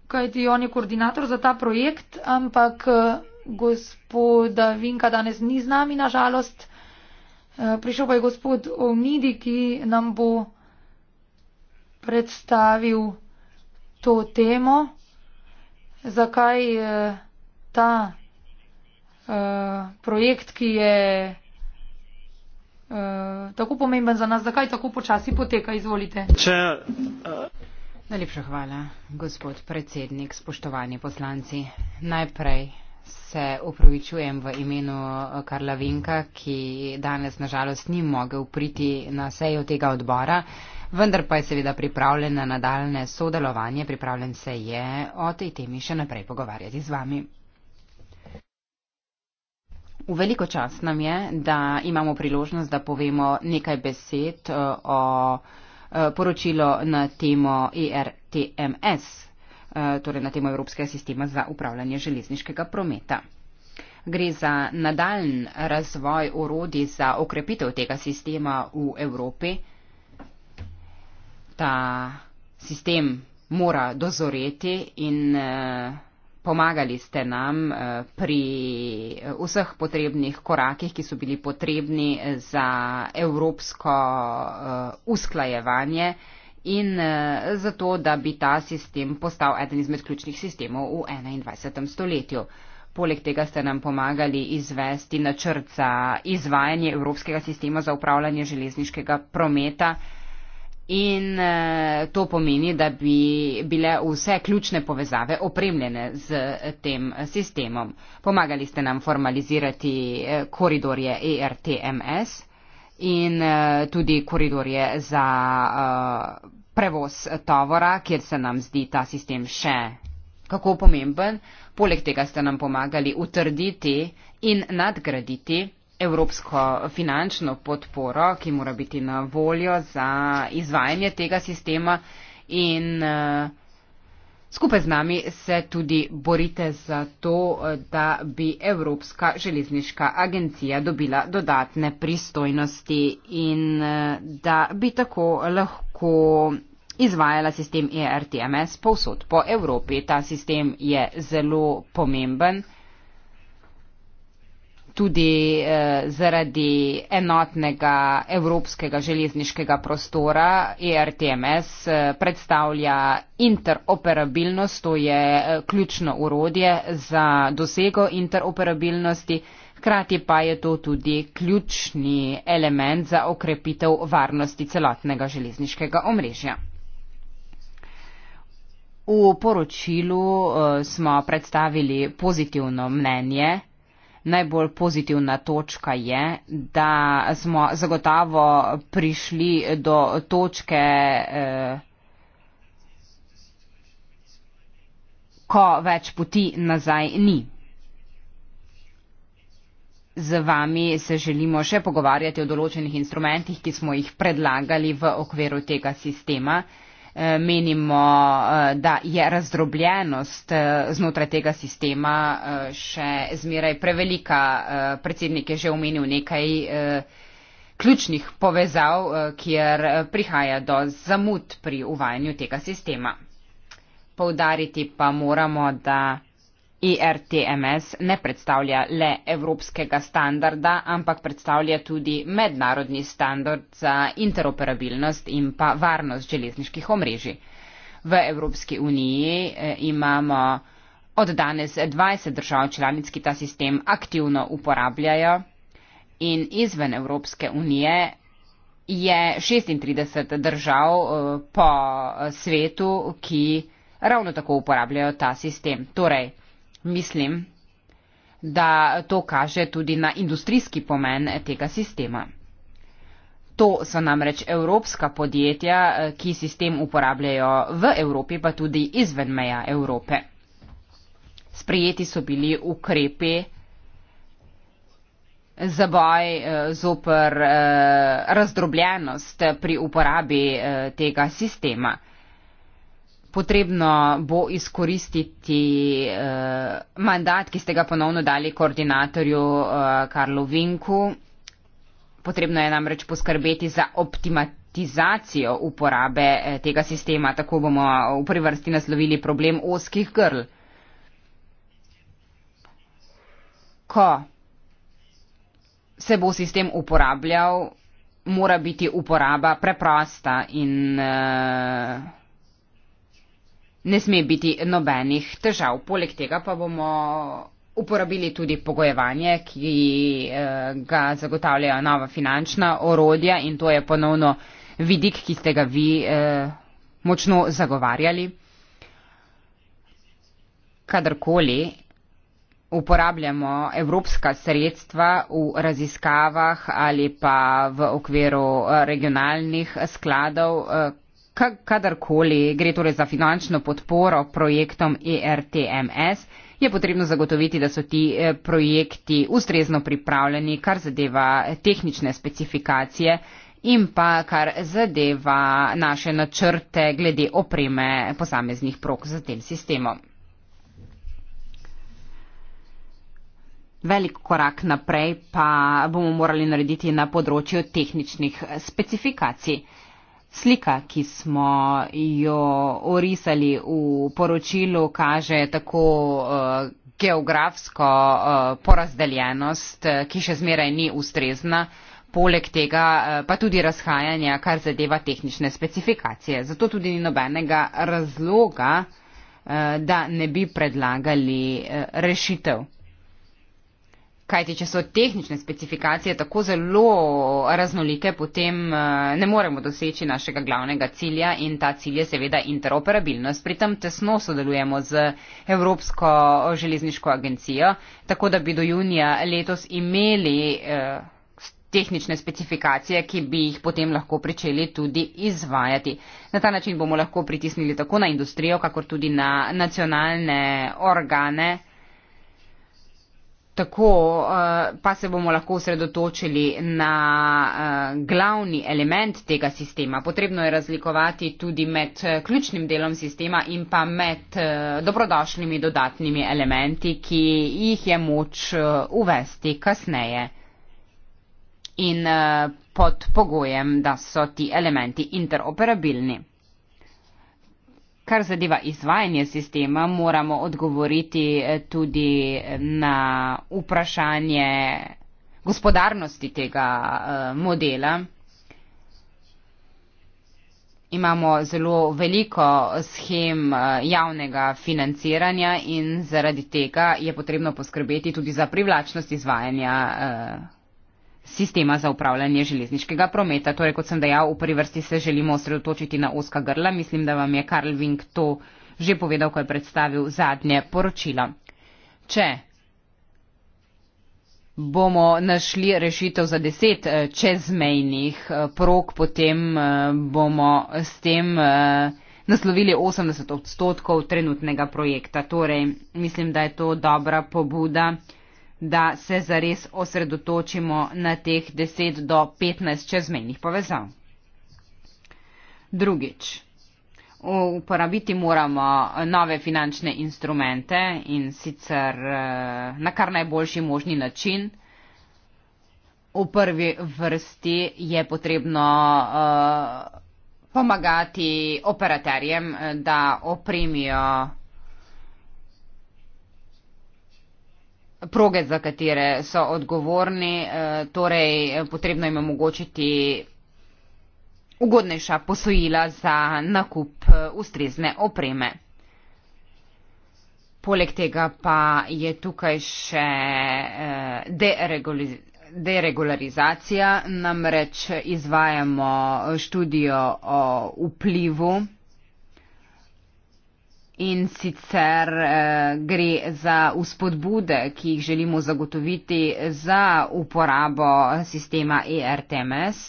kajti on je koordinator za ta projekt, ampak eh, gospoda Vinka danes ni z nami, nažalost. Eh, prišel pa je gospod Omidi, ki nam bo predstavil to temo, zakaj eh, ta projekt, ki je tako pomemben za nas, zakaj tako počasi poteka. Izvolite. Če, uh... Najlepša hvala, gospod predsednik, spoštovani poslanci. Najprej se upravičujem v imenu Karla Vinka, ki danes nažalost ni mogel priti na sejo tega odbora, vendar pa je seveda pripravljen na nadaljne sodelovanje, pripravljen se je o tej temi še naprej pogovarjati z vami. V veliko čas nam je, da imamo priložnost, da povemo nekaj besed eh, o Eh, poročilo na temo ERTMS, eh, torej na temo Evropskega sistema za upravljanje železniškega prometa. Gre za nadaljn razvoj orodi za okrepitev tega sistema v Evropi. Ta sistem mora dozoreti in eh, pomagali ste nam eh, pri eh, vseh potrebnih korakih, ki so bili potrebni za evropsko eh, usklajevanje in za to, da bi ta sistem postal eden izmed ključnih sistemov v 21. stoletju. Poleg tega ste nam pomagali izvesti načrt za izvajanje Evropskega sistema za upravljanje železniškega prometa. In uh, to pomeni, da bi bile vse ključne povezave opremljene z eh, tem eh, sistemom. Pomagali ste nam formalizirati uh, koridorje ERTMS in uh, tudi koridorje za uh, prevoz tovora, kjer se nam zdi ta sistem še kako pomemben. Poleg tega ste nam pomagali utrditi in nadgraditi evropsko finančno podporo, ki mora biti na voljo za izvajanje tega sistema in eh, skupaj z nami se tudi borite za to, eh, da bi Evropska železniška agencija dobila dodatne pristojnosti in eh, da bi tako lahko izvajala sistem ERTMS povsod po Evropi. Ta sistem je zelo pomemben tudi eh, zaradi enotnega evropskega železniškega prostora ERTMS eh, predstavlja interoperabilnost, to je eh, ključno urodje za dosego interoperabilnosti, hkrati pa je to tudi ključni element za okrepitev varnosti celotnega železniškega omrežja. V poročilu smo predstavili pozitivno mnenje najbolj pozitivna točka je, da smo zagotavo prišli do točke, eh, ko več poti nazaj ni. Z vami se želimo še pogovarjati o določenih instrumentih, ki smo jih predlagali v okviru tega sistema menimo, eh, da je razdrobljenost eh, znotraj tega sistema eh, še zmeraj prevelika. Predsednik je že omenil nekaj ključnih povezav, kjer prihaja do zamud pri uvajanju tega sistema. Poudariti pa moramo, da IRTMS e ne predstavlja le evropskega standarda, ampak predstavlja tudi mednarodni standard za interoperabilnost in pa varnost železniških omrežij. V Evropski uniji eh, imamo od danes 20 držav članic, ki ta sistem aktivno uporabljajo in izven Evropske unije je 36 držav eh, po eh, svetu, ki ravno tako uporabljajo ta sistem. Torej, Mislim, da to kaže tudi na industrijski pomen tega sistema. To so namreč evropska podjetja, eh, ki sistem uporabljajo v Evropi, pa tudi izven meja Evrope. Sprijeti so bili ukrepi za boj eh, zoper eh, razdrobljenost pri uporabi eh, tega sistema potrebno bo izkoristiti eh, mandat, ki ste ga ponovno dali koordinatorju eh, Karlu Vinku. Potrebno je namreč poskrbeti za optimizacijo uporabe eh, tega sistema, tako bomo v prvi vrsti naslovili problem oskih grl. Ko se bo sistem uporabljal, mora biti uporaba preprosta in eh, ne sme biti nobenih težav. Poleg tega pa bomo uporabili tudi pogojevanje, ki eh, ga zagotavljajo nova finančna orodja in to je ponovno vidik, ki ste ga vi eh, močno zagovarjali. Kadarkoli uporabljamo evropska sredstva v raziskavah ali pa v okviru eh, regionalnih skladov, kadarkoli gre torej za finančno podporo projektom ERTMS, je potrebno zagotoviti, da so ti eh, projekti ustrezno pripravljeni, kar zadeva tehnične specifikacije in pa kar zadeva naše načrte glede opreme posameznih prog za tem sistemom. Velik korak naprej pa bomo morali narediti na področju tehničnih specifikacij. Slika, ki smo jo orisali v poročilu, kaže tako uh, geografsko uh, porazdeljenost, uh, ki še zmeraj ni ustrezna, poleg tega uh, pa tudi razhajanja, kar zadeva tehnične specifikacije. Zato tudi ni nobenega razloga, uh, da ne bi predlagali uh, rešitev. Kajti, če so tehnične specifikacije tako zelo raznolike, potem eh, ne moremo doseči našega glavnega cilja in ta cilj je seveda interoperabilnost. Pri tem tesno sodelujemo z Evropsko železniško agencijo, tako da bi do junija letos imeli eh, tehnične specifikacije, ki bi jih potem lahko pričeli tudi izvajati. Na ta način bomo lahko pritisnili tako na industrijo, kakor tudi na nacionalne organe. Tako eh, pa se bomo lahko osredotočili na eh, glavni element tega sistema. Potrebno je razlikovati tudi med eh, ključnim delom sistema in pa med dobrodošljimi dodatnimi elementi, ki jih je moč uvesti kasneje in pod pogojem, da so ti elementi interoperabilni. Kar zadeva izvajanje sistema, moramo odgovoriti eh, tudi na vprašanje gospodarnosti tega eh, modela. Imamo zelo veliko eh, schem javnega financiranja in zaradi tega je potrebno poskrbeti tudi za privlačnost izvajanja sistema za upravljanje železniškega prometa. Torej, kot sem dejal, v prvi vrsti se želimo osredotočiti na oska grla. Mislim, da vam je Karl Wink to že povedal, ko je predstavil zadnje poročilo. Če bomo našli rešitev za deset eh, čezmejnih eh, prog, potem eh, bomo s tem naslovili 80 odstotkov trenutnega projekta. Torej, mislim, da je to dobra pobuda da se zares osredotočimo na teh 10 do 15 čezmejnih povezav. Drugič. Uporabiti moramo eh, nove finančne instrumente in sicer eh, na kar najboljši možni način. V prvi vrsti je potrebno eh, pomagati operaterjem, da opremijo proge, za katere so odgovorni, eh, torej eh, potrebno jim omogočiti ugodnejša posojila za nakup eh, ustrezne opreme. Poleg tega pa je tukaj še deregularizacija, namreč izvajamo študijo o vplivu. In sicer eh, gre za uspodbude, ki jih želimo zagotoviti za uporabo sistema ERTMS.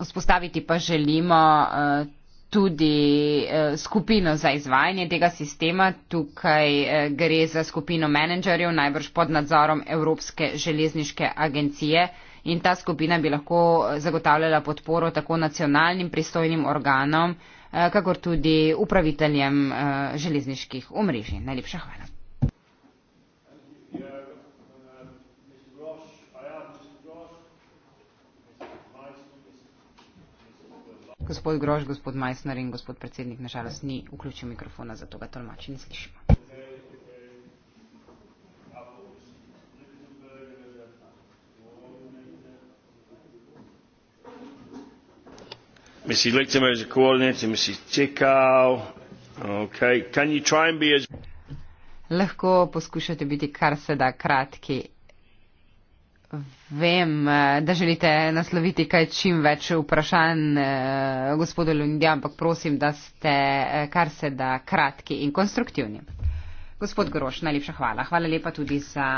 Vzpostaviti pa želimo eh, tudi eh, skupino za izvajanje tega sistema. Tukaj eh, gre za skupino menedžerjev, najbrž pod nadzorom Evropske železniške agencije. In ta skupina bi lahko eh, zagotavljala podporo tako nacionalnim pristojnim organom, Eh, kakor tudi upraviteljem eh, železniških omrežij. Najlepša hvala. Gospod Grož, gospod Majsner in gospod predsednik, nažalost, ni vključil mikrofona, zato ga tolmači in slišimo. Mr. Lichtenberg is a coordinator. Mrs. Tickow. Okay. Can you try and be as Lahko poskušate biti kar se da kratki. Vem, da želite nasloviti kaj čim več vprašanj eh, gospodu Lundja, ampak prosim, da ste eh, kar se da kratki in konstruktivni. Gospod Groš, najlepša hvala. Hvala lepa tudi za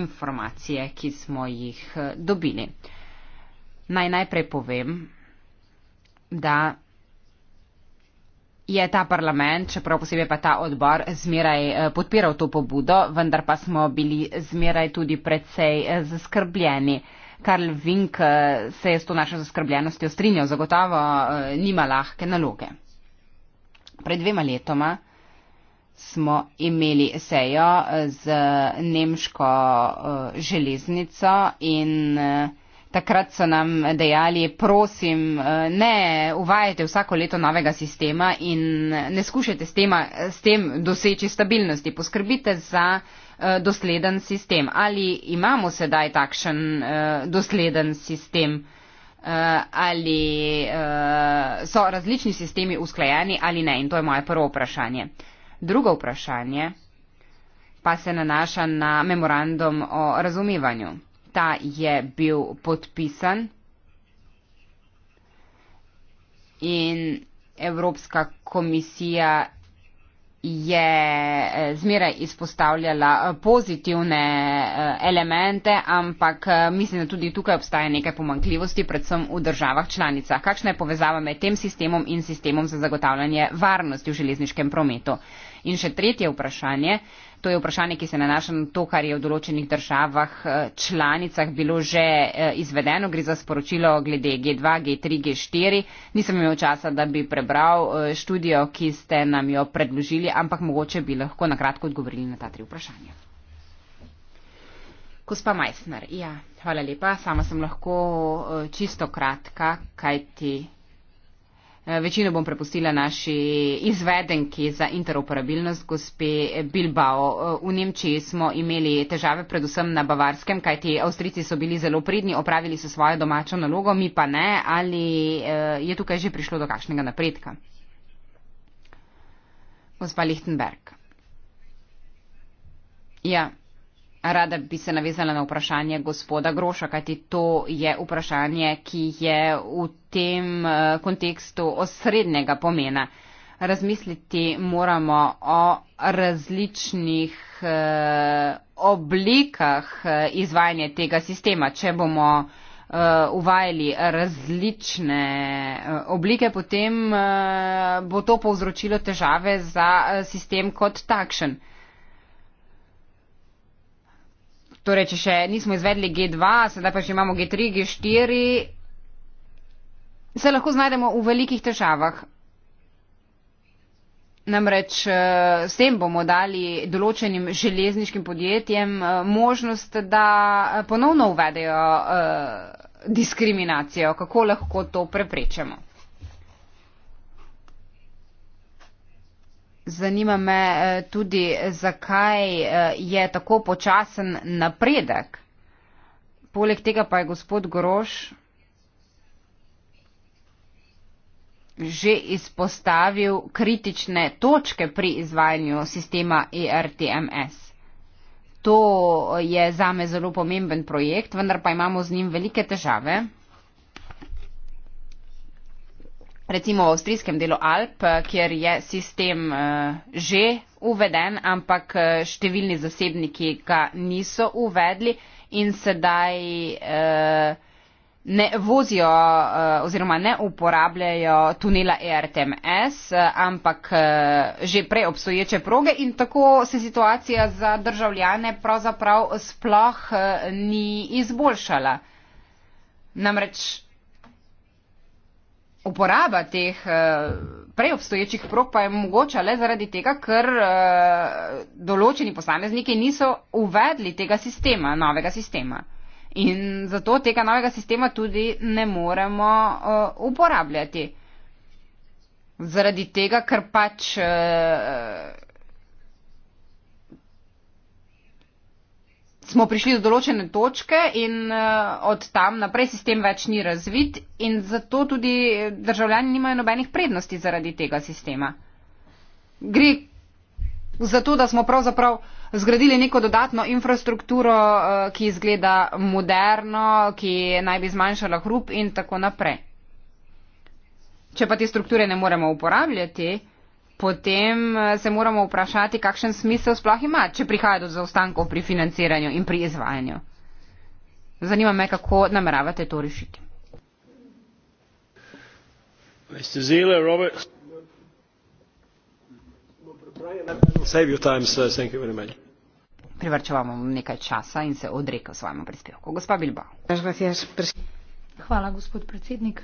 informacije, ki smo jih eh, dobili. Naj najprej povem, da je ta parlament, čeprav posebej pa ta odbor, zmeraj eh, podpiral to pobudo, vendar pa smo bili zmeraj tudi precej eh, zaskrbljeni. Karl Vink eh, se je s to našo zaskrbljenostjo strinjal, zagotovo nima lahke naloge. Pred dvema letoma smo imeli sejo z nemško železnico in Takrat so nam dejali, prosim, eh, ne uvajajte vsako leto novega sistema in ne skušajte s, tema, s tem doseči stabilnosti. Poskrbite za eh, dosleden sistem. Ali imamo sedaj takšen eh, dosleden sistem? Ali so različni sistemi usklajeni ali ne? In to je moje prvo vprašanje. Drugo vprašanje pa se nanaša na memorandum o razumevanju ta je bil podpisan in Evropska komisija je eh, zmeraj izpostavljala eh, pozitivne eh, elemente, ampak mislim, da tudi tukaj obstaja nekaj pomankljivosti, predvsem v državah članicah. Kakšna je povezava med tem sistemom in sistemom za zagotavljanje varnosti v železniškem prometu? In še tretje vprašanje. To je vprašanje, ki se nanaša na to, kar je v določenih državah eh, članicah bilo že eh, izvedeno. Gre za sporočilo glede G2, G3, G4. Nisem imel časa, da bi prebral eh, študijo, ki ste nam jo predložili, ampak mogoče bi lahko na kratko odgovorili na ta tri vprašanja. Gospa Majsner, ja, hvala lepa. Sama sem lahko čisto kratka, kaj ti. Eh, večino bom prepustila naši izvedenki za interoperabilnost, gospe Bilbao. Eh, v Nemčiji smo imeli težave predvsem na Bavarskem, kajti Avstrici so bili zelo predni, opravili so svojo domačo nalogo, mi pa ne. Ali eh, je tukaj že prišlo do kakšnega napredka? Gospa Lichtenberg. Ja. Rada bi se navezala na vprašanje gospoda Groša, kajti to je vprašanje, ki je v tem eh, kontekstu osrednjega pomena. Razmisliti moramo o različnih eh, oblikah eh, izvajanja tega sistema. Če bomo uvajali različne oblike, potem bo to povzročilo težave za sistem kot takšen. Torej, če še nismo izvedli G2, sedaj pa že imamo G3, G4, se lahko znajdemo v velikih težavah. Namreč eh, s tem bomo dali določenim železniškim podjetjem eh, možnost, da eh, ponovno uvedejo diskriminacijo. Kako lahko to preprečemo? Zanima me eh, tudi, eh, zakaj eh, je tako počasen napredek. Poleg tega pa je gospod Groš že izpostavil kritične točke pri izvajanju sistema ERTMS. To je zame zelo pomemben projekt, vendar pa imamo z njim velike težave. recimo v avstrijskem delu Alp, eh, kjer je sistem eh, že uveden, ampak eh, številni zasebniki ga niso uvedli in sedaj ne vozijo oziroma ne uporabljajo tunela ERTMS, ampak že prej obstoječe proge in tako se situacija za državljane pravzaprav sploh ni izboljšala. Namreč uporaba teh eh, prej obstoječih prog pa je mogoča le zaradi tega, ker eh, določeni posamezniki niso uvedli tega sistema, novega sistema. In zato tega novega sistema tudi ne moremo eh, uporabljati. Zaradi tega, ker pač. smo prišli do določene točke in eh, od tam naprej sistem več ni razvit in zato tudi državljani nimajo nobenih prednosti zaradi tega sistema. Gre zato, da smo pravzaprav zgradili neko dodatno infrastrukturo, eh, ki izgleda moderno, ki naj bi zmanjšala hrup in tako naprej. Če pa te strukture ne moremo uporabljati, potem eh, se moramo vprašati, kakšen smisel sploh ima, če prihaja do zaostankov pri financiranju in pri izvajanju. Zanima me, kako nameravate to rešiti. Privrčevamo nekaj časa in se odreka svojemu prispevku. Gospa Bilba. Hvala, gospod predsednik.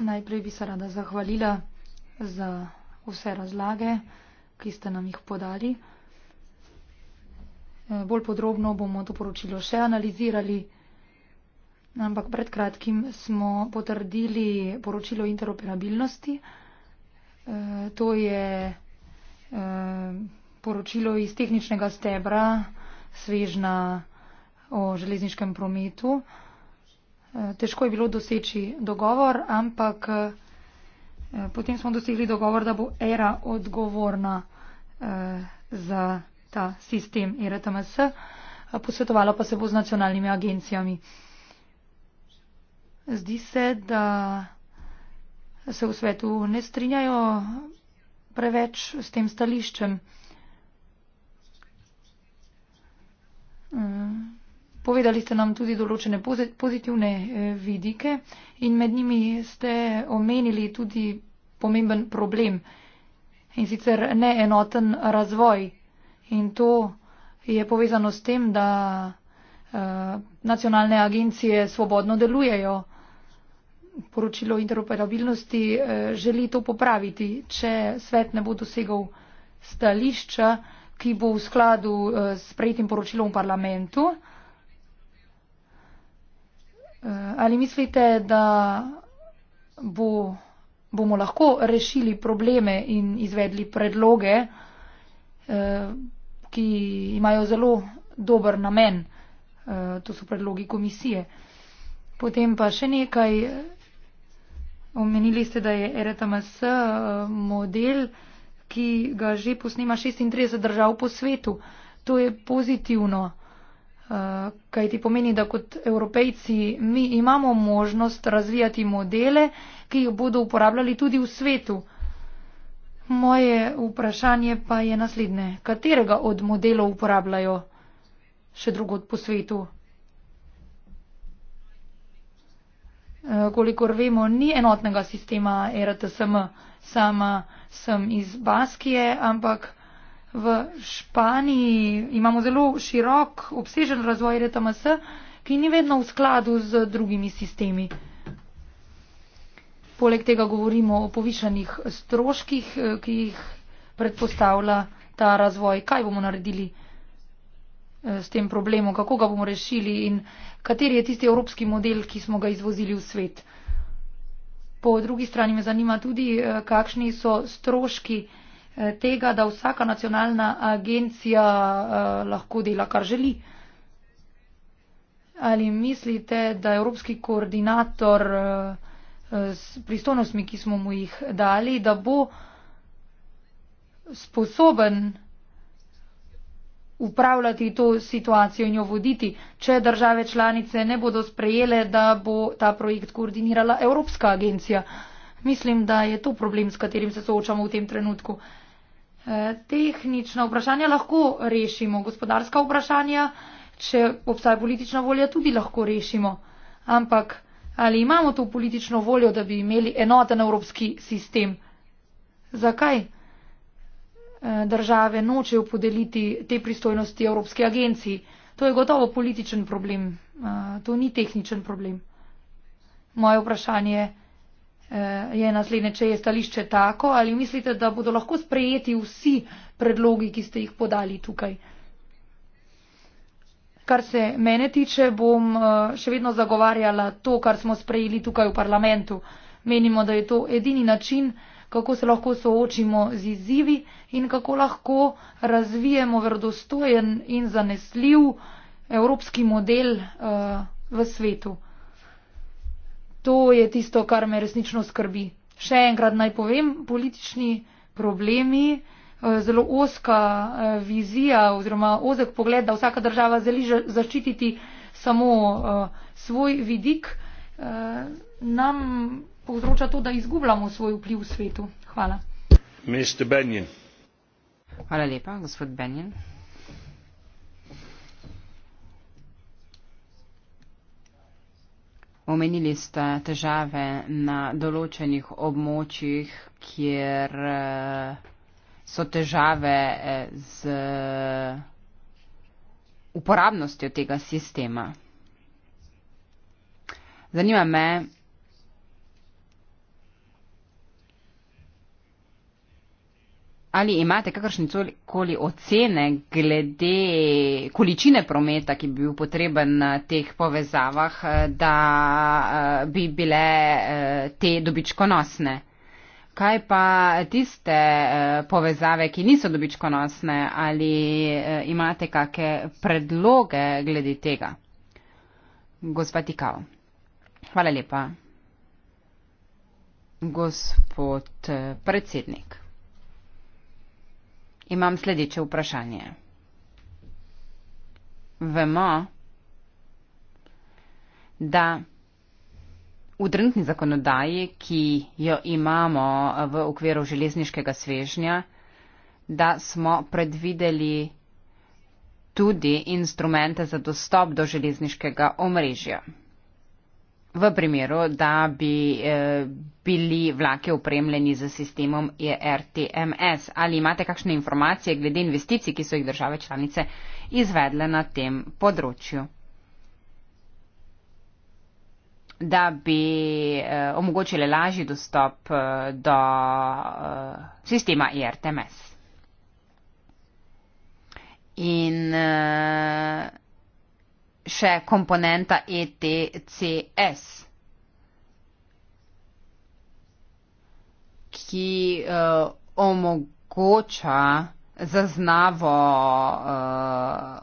Najprej bi se rada zahvalila za vse razlage, ki ste nam jih podali. Eh, bolj podrobno bomo to poročilo še analizirali, ampak pred kratkim smo potrdili poročilo interoperabilnosti. Eh, to je eh, poročilo iz tehničnega stebra svežna o železniškem prometu. Težko je bilo doseči dogovor, ampak. Eh, potem smo dosegli dogovor, da bo ERA odgovorna eh, za ta sistem ERTMS, posvetovala pa se bo z nacionalnimi agencijami. Zdi se, da se v svetu ne strinjajo preveč s tem stališčem. Mm. Povedali ste nam tudi določene pozitivne eh, vidike in med njimi ste omenili tudi pomemben problem in sicer neenoten razvoj. In to je povezano s tem, da eh, nacionalne agencije svobodno delujejo. Poročilo interoperabilnosti eh, želi to popraviti, če svet ne bo dosegal stališča, ki bo v skladu s prejetim poročilom v parlamentu. Eh, ali mislite, da bo, bomo lahko rešili probleme in izvedli predloge, eh, ki imajo zelo dober namen? Eh, to so predlogi komisije. Potem pa še nekaj. Omenili ste, da je RTMS model, ki ga že posnema 36 držav po svetu. To je pozitivno kaj ti pomeni, da kot evropejci mi imamo možnost razvijati modele, ki jih bodo uporabljali tudi v svetu. Moje vprašanje pa je naslednje. Katerega od modelov uporabljajo še drugod po svetu? Eh, kolikor vemo, ni enotnega sistema e RTSM. Sama sem iz Baskije, ampak v Španiji imamo zelo širok, obsežen razvoj RTMS, ki ni vedno v skladu z drugimi sistemi. Poleg tega govorimo o povišanih stroških, eh, ki jih predpostavlja ta razvoj. Kaj bomo naredili eh, s tem problemom, kako ga bomo rešili in kateri je tisti evropski model, ki smo ga izvozili v svet. Po drugi strani me zanima tudi, eh, kakšni so stroški, Eh, tega, da vsaka nacionalna agencija eh, lahko dela, kar želi. Ali mislite, da evropski koordinator eh, s pristojnostmi, ki smo mu jih dali, da bo sposoben upravljati to situacijo in jo voditi, če države članice ne bodo sprejele, da bo ta projekt koordinirala Evropska agencija? Mislim, da je to problem, s katerim se soočamo v tem trenutku. Tehnična vprašanja lahko rešimo, gospodarska vprašanja, če obstaja politična volja, tudi lahko rešimo. Ampak ali imamo to politično voljo, da bi imeli enoten evropski sistem? Zakaj eh, države nočejo podeliti te pristojnosti Evropske agenciji? To je gotovo političen problem, eh, to ni tehničen problem. Moje vprašanje je. Eh, je naslednje, če je stališče tako, ali mislite, da bodo lahko sprejeti vsi predlogi, ki ste jih podali tukaj? Kar se mene tiče, bom eh, še vedno zagovarjala to, kar smo sprejeli tukaj v parlamentu. Menimo, da je to edini način, kako se lahko soočimo z izzivi in kako lahko razvijemo verodostojen in zanesljiv evropski model eh, v svetu. To je tisto, kar me resnično skrbi. Še enkrat naj povem, politični problemi, eh, zelo oska eh, vizija oziroma ozek pogled, da vsaka država želi zaščititi samo eh, svoj vidik, nam povzroča to, da izgubljamo svoj vpliv v svetu. Hvala. Hvala lepa, gospod Benjen. Omenili ste težave na določenih območjih, kjer eh, so težave eh, z uporabnostjo tega sistema. Zanima me, ali imate kakršne koli ocene glede količine prometa, ki bi bil potreben na teh povezavah, da eh, bi bile eh, te dobičkonosne? Kaj pa tiste eh, povezave, ki niso dobičkonosne, ali imate kakšne predloge glede tega? Gospa Tikao. Hvala lepa. Gospod predsednik. Imam sledeče vprašanje. Vemo, da v trenutni zakonodaji, ki jo imamo v okviru železniškega svežnja, da smo predvideli tudi instrumente za dostop do železniškega omrežja. V primeru, da bi eh, bili vlake upremljeni z sistemom ERTMS, ali imate kakšne informacije glede investicij, ki so jih države članice izvedle na tem področju? da bi eh, omogočile lažji dostop eh, do eh, sistema IRTMS. E In eh, še komponenta ETCS, ki uh, omogoča zaznavo uh,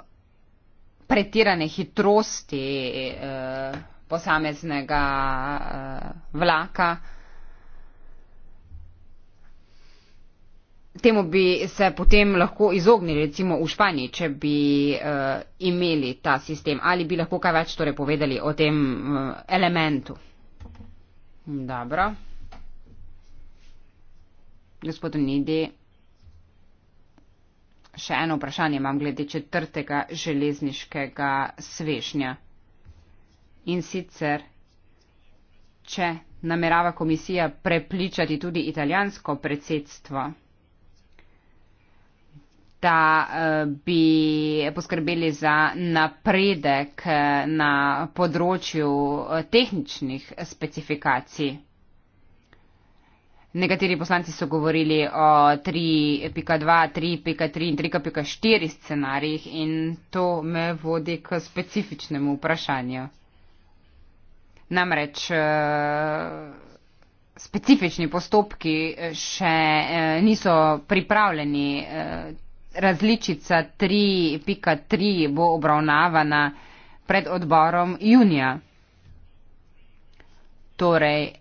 pretirane hitrosti uh, posameznega uh, vlaka. Uh, temu bi se potem lahko izognili, recimo v Španiji, če bi uh, imeli ta sistem. Ali bi lahko kaj več torej povedali o tem uh, elementu? Dobro. Gospod Nidi, še eno vprašanje imam glede četrtega železniškega svešnja. In sicer, če namerava komisija prepričati tudi italijansko predsedstvo, da eh, bi poskrbeli za napredek eh, na področju eh, tehničnih specifikacij. Nekateri poslanci so govorili o 3.2, 3.3 in 3.4 scenarijih in to me vodi k specifičnemu vprašanju. Namreč specifični postopki še niso pripravljeni različica 3.3 bo obravnavana pred odborom junija. Torej,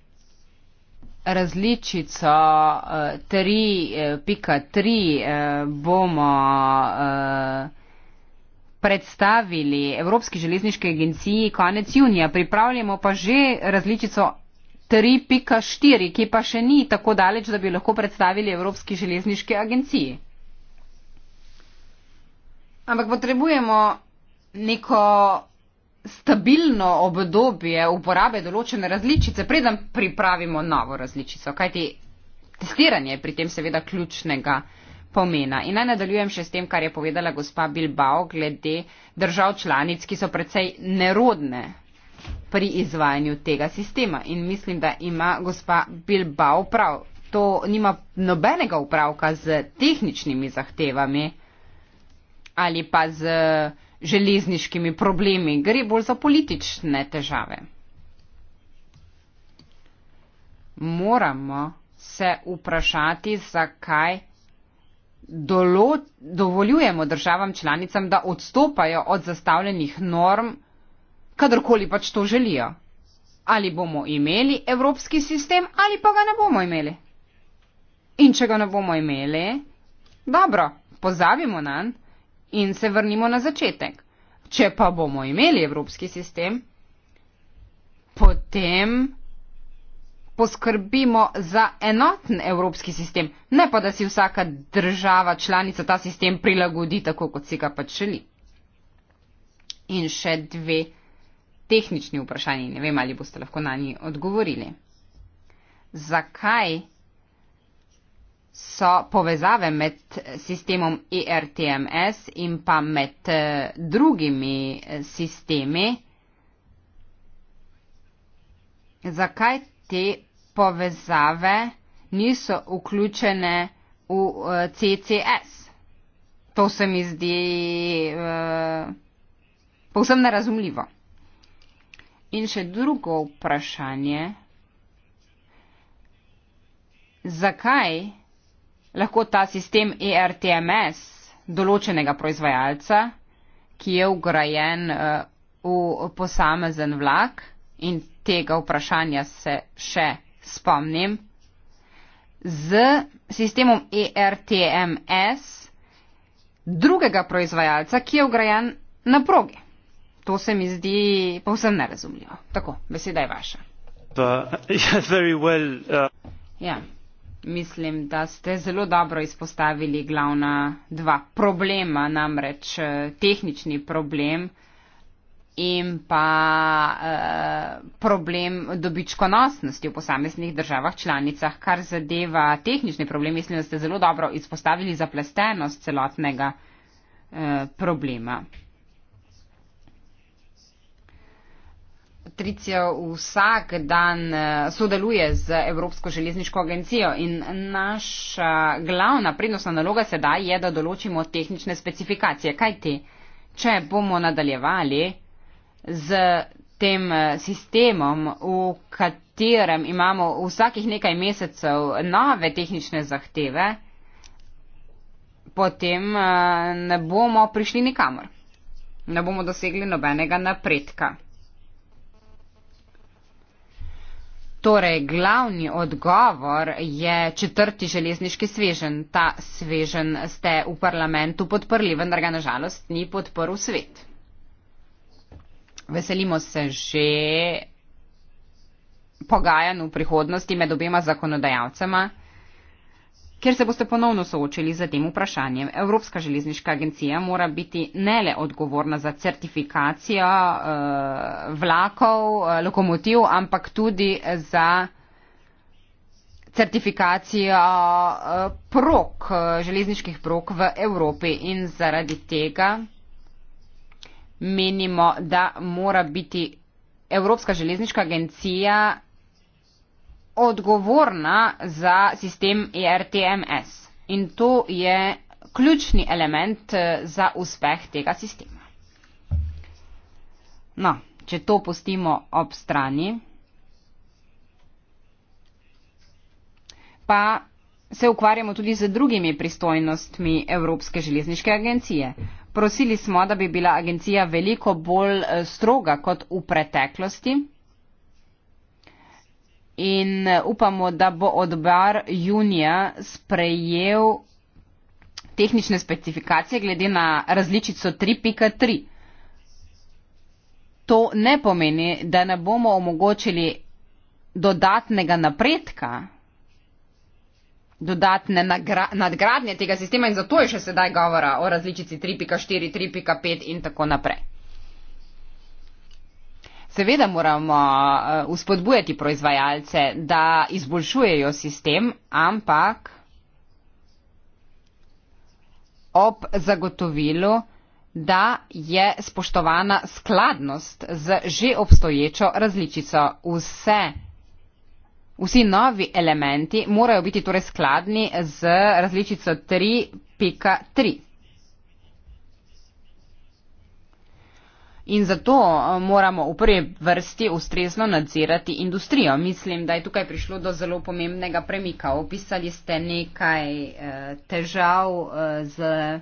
različico 3.3 eh, eh, eh, bomo predstavili Evropski železniški agenciji konec junija. Pripravljamo pa že različico 3.4, ki pa še ni tako daleč, da bi lahko predstavili Evropski železniški agenciji. Ampak potrebujemo neko stabilno obdobje uporabe določene različice, preden pripravimo novo različico. Kajti testiranje je pri tem seveda ključnega pomena. In naj nadaljujem še s tem, kar je povedala gospa Bilbao glede držav članic, ki so precej nerodne pri izvajanju tega sistema. In mislim, da ima gospa Bilbao prav. To nima nobenega upravka z tehničnimi zahtevami ali pa z eh, železniškimi problemi, gre bolj za politične težave. Moramo se vprašati, zakaj dolo, dovoljujemo državam članicam, da odstopajo od zastavljenih norm, kadarkoli pač to želijo. Ali bomo imeli evropski sistem ali pa ga ne bomo imeli. In če ga ne bomo imeli, dobro, pozabimo na njega in se vrnimo na začetek. Če pa bomo imeli evropski sistem, potem poskrbimo za enoten evropski sistem, ne pa da si vsaka država članica ta sistem prilagodi tako, kot si ga pač želi. In še dve tehnični vprašanji, ne vem, ali boste lahko na njih odgovorili. Zakaj so povezave med sistemom IRTMS e in pa med eh, drugimi eh, sistemi. Zakaj te povezave niso vključene v eh, CCS? To se mi zdi uh, povsem nerazumljivo. In še drugo vprašanje. Zakaj? lahko ta sistem ERTMS določenega proizvajalca, ki je ugrajen eh, v posamezen vlak in tega vprašanja se še spomnim, z sistemom ERTMS drugega proizvajalca, ki je ugrajen na progi. To se mi zdi povsem nerazumljivo. Tako, beseda je vaša. But, uh, yeah, very well. Uh... Yeah. Ja. Mislim, da ste zelo dobro izpostavili glavna dva problema, namreč eh, tehnični problem in pa eh, problem dobičkonosnosti v posameznih državah članicah. Kar zadeva tehnični problem, mislim, da ste zelo dobro izpostavili zaplestenost celotnega eh, problema. Patricija vsak dan eh, sodeluje z Evropsko železniško agencijo in naša glavna prednostna naloga sedaj je, da določimo tehnične specifikacije. Kaj ti, če bomo nadaljevali z tem eh, sistemom, v katerem imamo vsakih nekaj mesecev nove tehnične zahteve, potem eh, ne bomo prišli nikamor. Ne bomo dosegli nobenega napredka. Torej, glavni odgovor je četrti železniški svežen. Ta svežen ste v parlamentu podprli, vendar ga nažalost ni podprl svet. Veselimo se že pogajanj v prihodnosti med obima zakonodajalcema kjer se boste ponovno soočili z tem vprašanjem. Evropska železniška agencija mora biti ne le odgovorna za certifikacijo eh, vlakov, eh, lokomotiv, ampak tudi za certifikacijo eh, prok, eh, železniških prok v Evropi in zaradi tega menimo, da mora biti Evropska železniška agencija odgovorna za sistem ERTMS in to je ključni element eh, za uspeh tega sistema. No, če to pustimo ob strani, pa se ukvarjamo tudi z drugimi pristojnostmi Evropske železniške agencije. Prosili smo, da bi bila agencija veliko bolj eh, stroga kot v preteklosti in eh, upamo, da bo odbar junija sprejel tehnične specifikacije glede na različico 3.3. To ne pomeni, da ne bomo omogočili dodatnega napredka, dodatne nadgradnje tega sistema in zato je še sedaj govora o različici 3.4, 3.5 in tako naprej. Seveda moramo uspodbujati eh, proizvajalce, da izboljšujejo sistem, ampak ob zagotovilu, da je spoštovana skladnost z že obstoječo različico. Vse, vsi novi elementi morajo biti torej skladni z različico 3.3. In zato eh, moramo v prvi vrsti ustrezno nadzirati industrijo. Mislim, da je tukaj prišlo do zelo pomembnega premika. Opisali ste nekaj eh, težav eh, z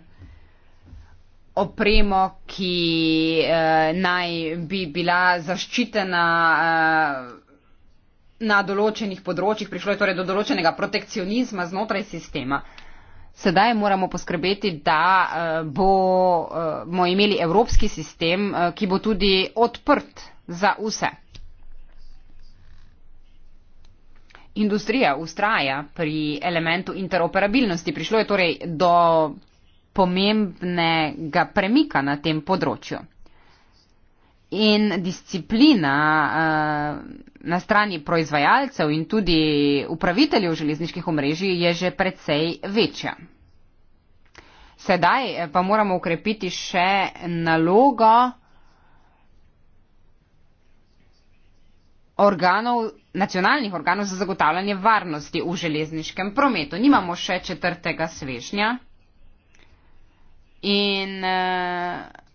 opremo, ki eh, naj bi bila zaščitena eh, na določenih področjih. Prišlo je torej do določenega protekcionizma znotraj sistema. Eh, Sedaj moramo poskrbeti, da uh, bomo uh, imeli evropski sistem, uh, ki bo tudi odprt za vse. Industrija ustraja pri elementu interoperabilnosti. Prišlo je torej do pomembnega premika na tem področju in disciplina eh, na strani proizvajalcev in tudi upraviteljev železniških omrežij je že precej večja. Sedaj eh, pa moramo ukrepiti še nalogo organov, nacionalnih organov za zagotavljanje varnosti v železniškem prometu. Nimamo še četrtega svežnja in eh,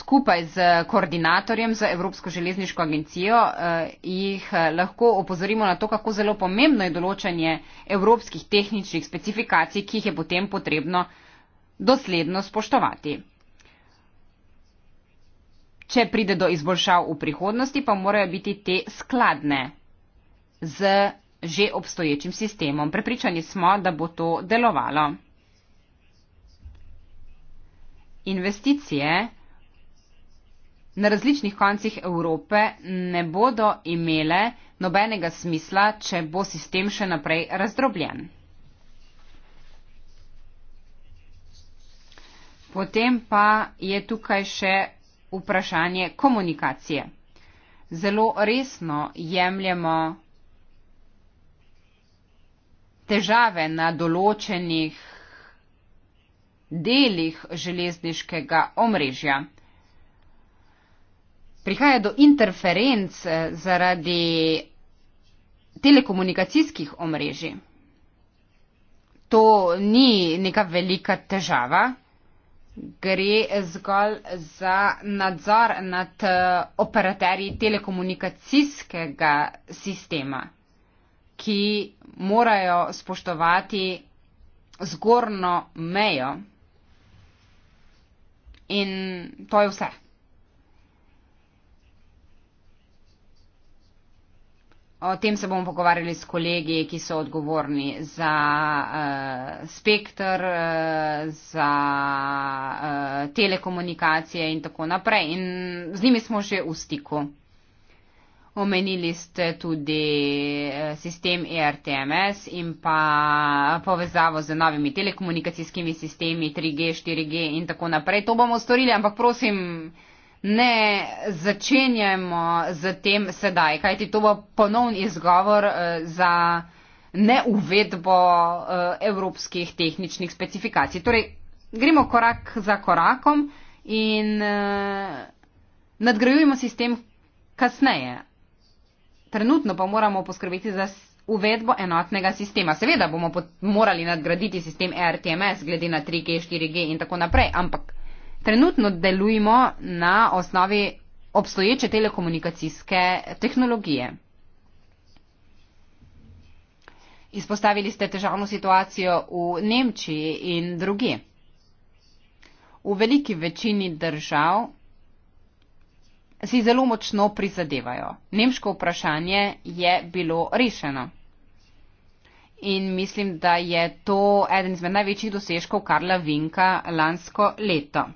skupaj z koordinatorjem za Evropsko železniško agencijo eh, jih eh, lahko opozorimo na to, kako zelo pomembno je določanje evropskih tehničnih specifikacij, ki jih je potem potrebno dosledno spoštovati. Če pride do izboljšav v prihodnosti, pa morajo biti te skladne z že obstoječim sistemom. Prepričani smo, da bo to delovalo. Investicije na različnih koncih Evrope ne bodo imele nobenega smisla, če bo sistem še naprej razdrobljen. Potem pa je tukaj še vprašanje komunikacije. Zelo resno jemljemo težave na določenih delih železniškega omrežja prihaja do interferenc eh, zaradi telekomunikacijskih omrežij. To ni neka velika težava, gre zgolj za nadzor nad eh, operaterji telekomunikacijskega sistema, ki morajo spoštovati zgornjo mejo. In to je vse. O tem se bomo pogovarjali s kolegi, ki so odgovorni za uh, eh, spektr, uh, eh, za uh, telekomunikacije in tako naprej. In z njimi smo že v stiku. Omenili ste tudi sistem ERTMS in pa povezavo z novimi telekomunikacijskimi sistemi 3G, 4G in tako naprej. To bomo storili, ampak prosim, uh, ne začenjamo z tem sedaj, kajti to bo ponovni izgovor eh, za neuvedbo eh, evropskih tehničnih specifikacij. Torej, gremo korak za korakom in eh, nadgrajujemo sistem kasneje. Trenutno pa moramo poskrbeti za uvedbo enotnega sistema. Seveda bomo morali nadgraditi sistem e RTMS glede na 3G, 4G in tako naprej, ampak Trenutno delujemo na osnovi obstoječe telekomunikacijske tehnologije. Izpostavili ste težavno situacijo v Nemčiji in drugi. V veliki večini držav si zelo močno prizadevajo. Nemško vprašanje je bilo rešeno. In mislim, da je to eden izmed največjih dosežkov Karla Vinka lansko leto.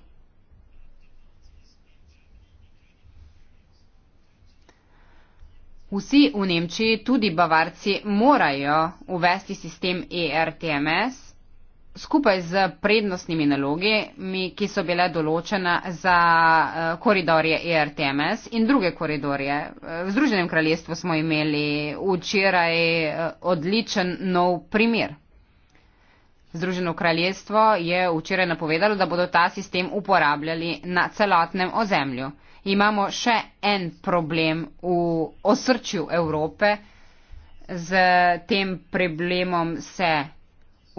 Vsi v Nemčiji, tudi Bavarci, morajo uvesti sistem ERTMS skupaj z prednostnimi nalogami, ki so bile določene za eh, koridorje ERTMS in druge koridorje. Eh, v Združenem kraljestvu smo imeli včeraj eh, odličen nov primer. Združeno kraljestvo je včeraj napovedalo, da bodo ta sistem uporabljali na celotnem ozemlju imamo še en problem v osrčju Evrope. Z tem problemom se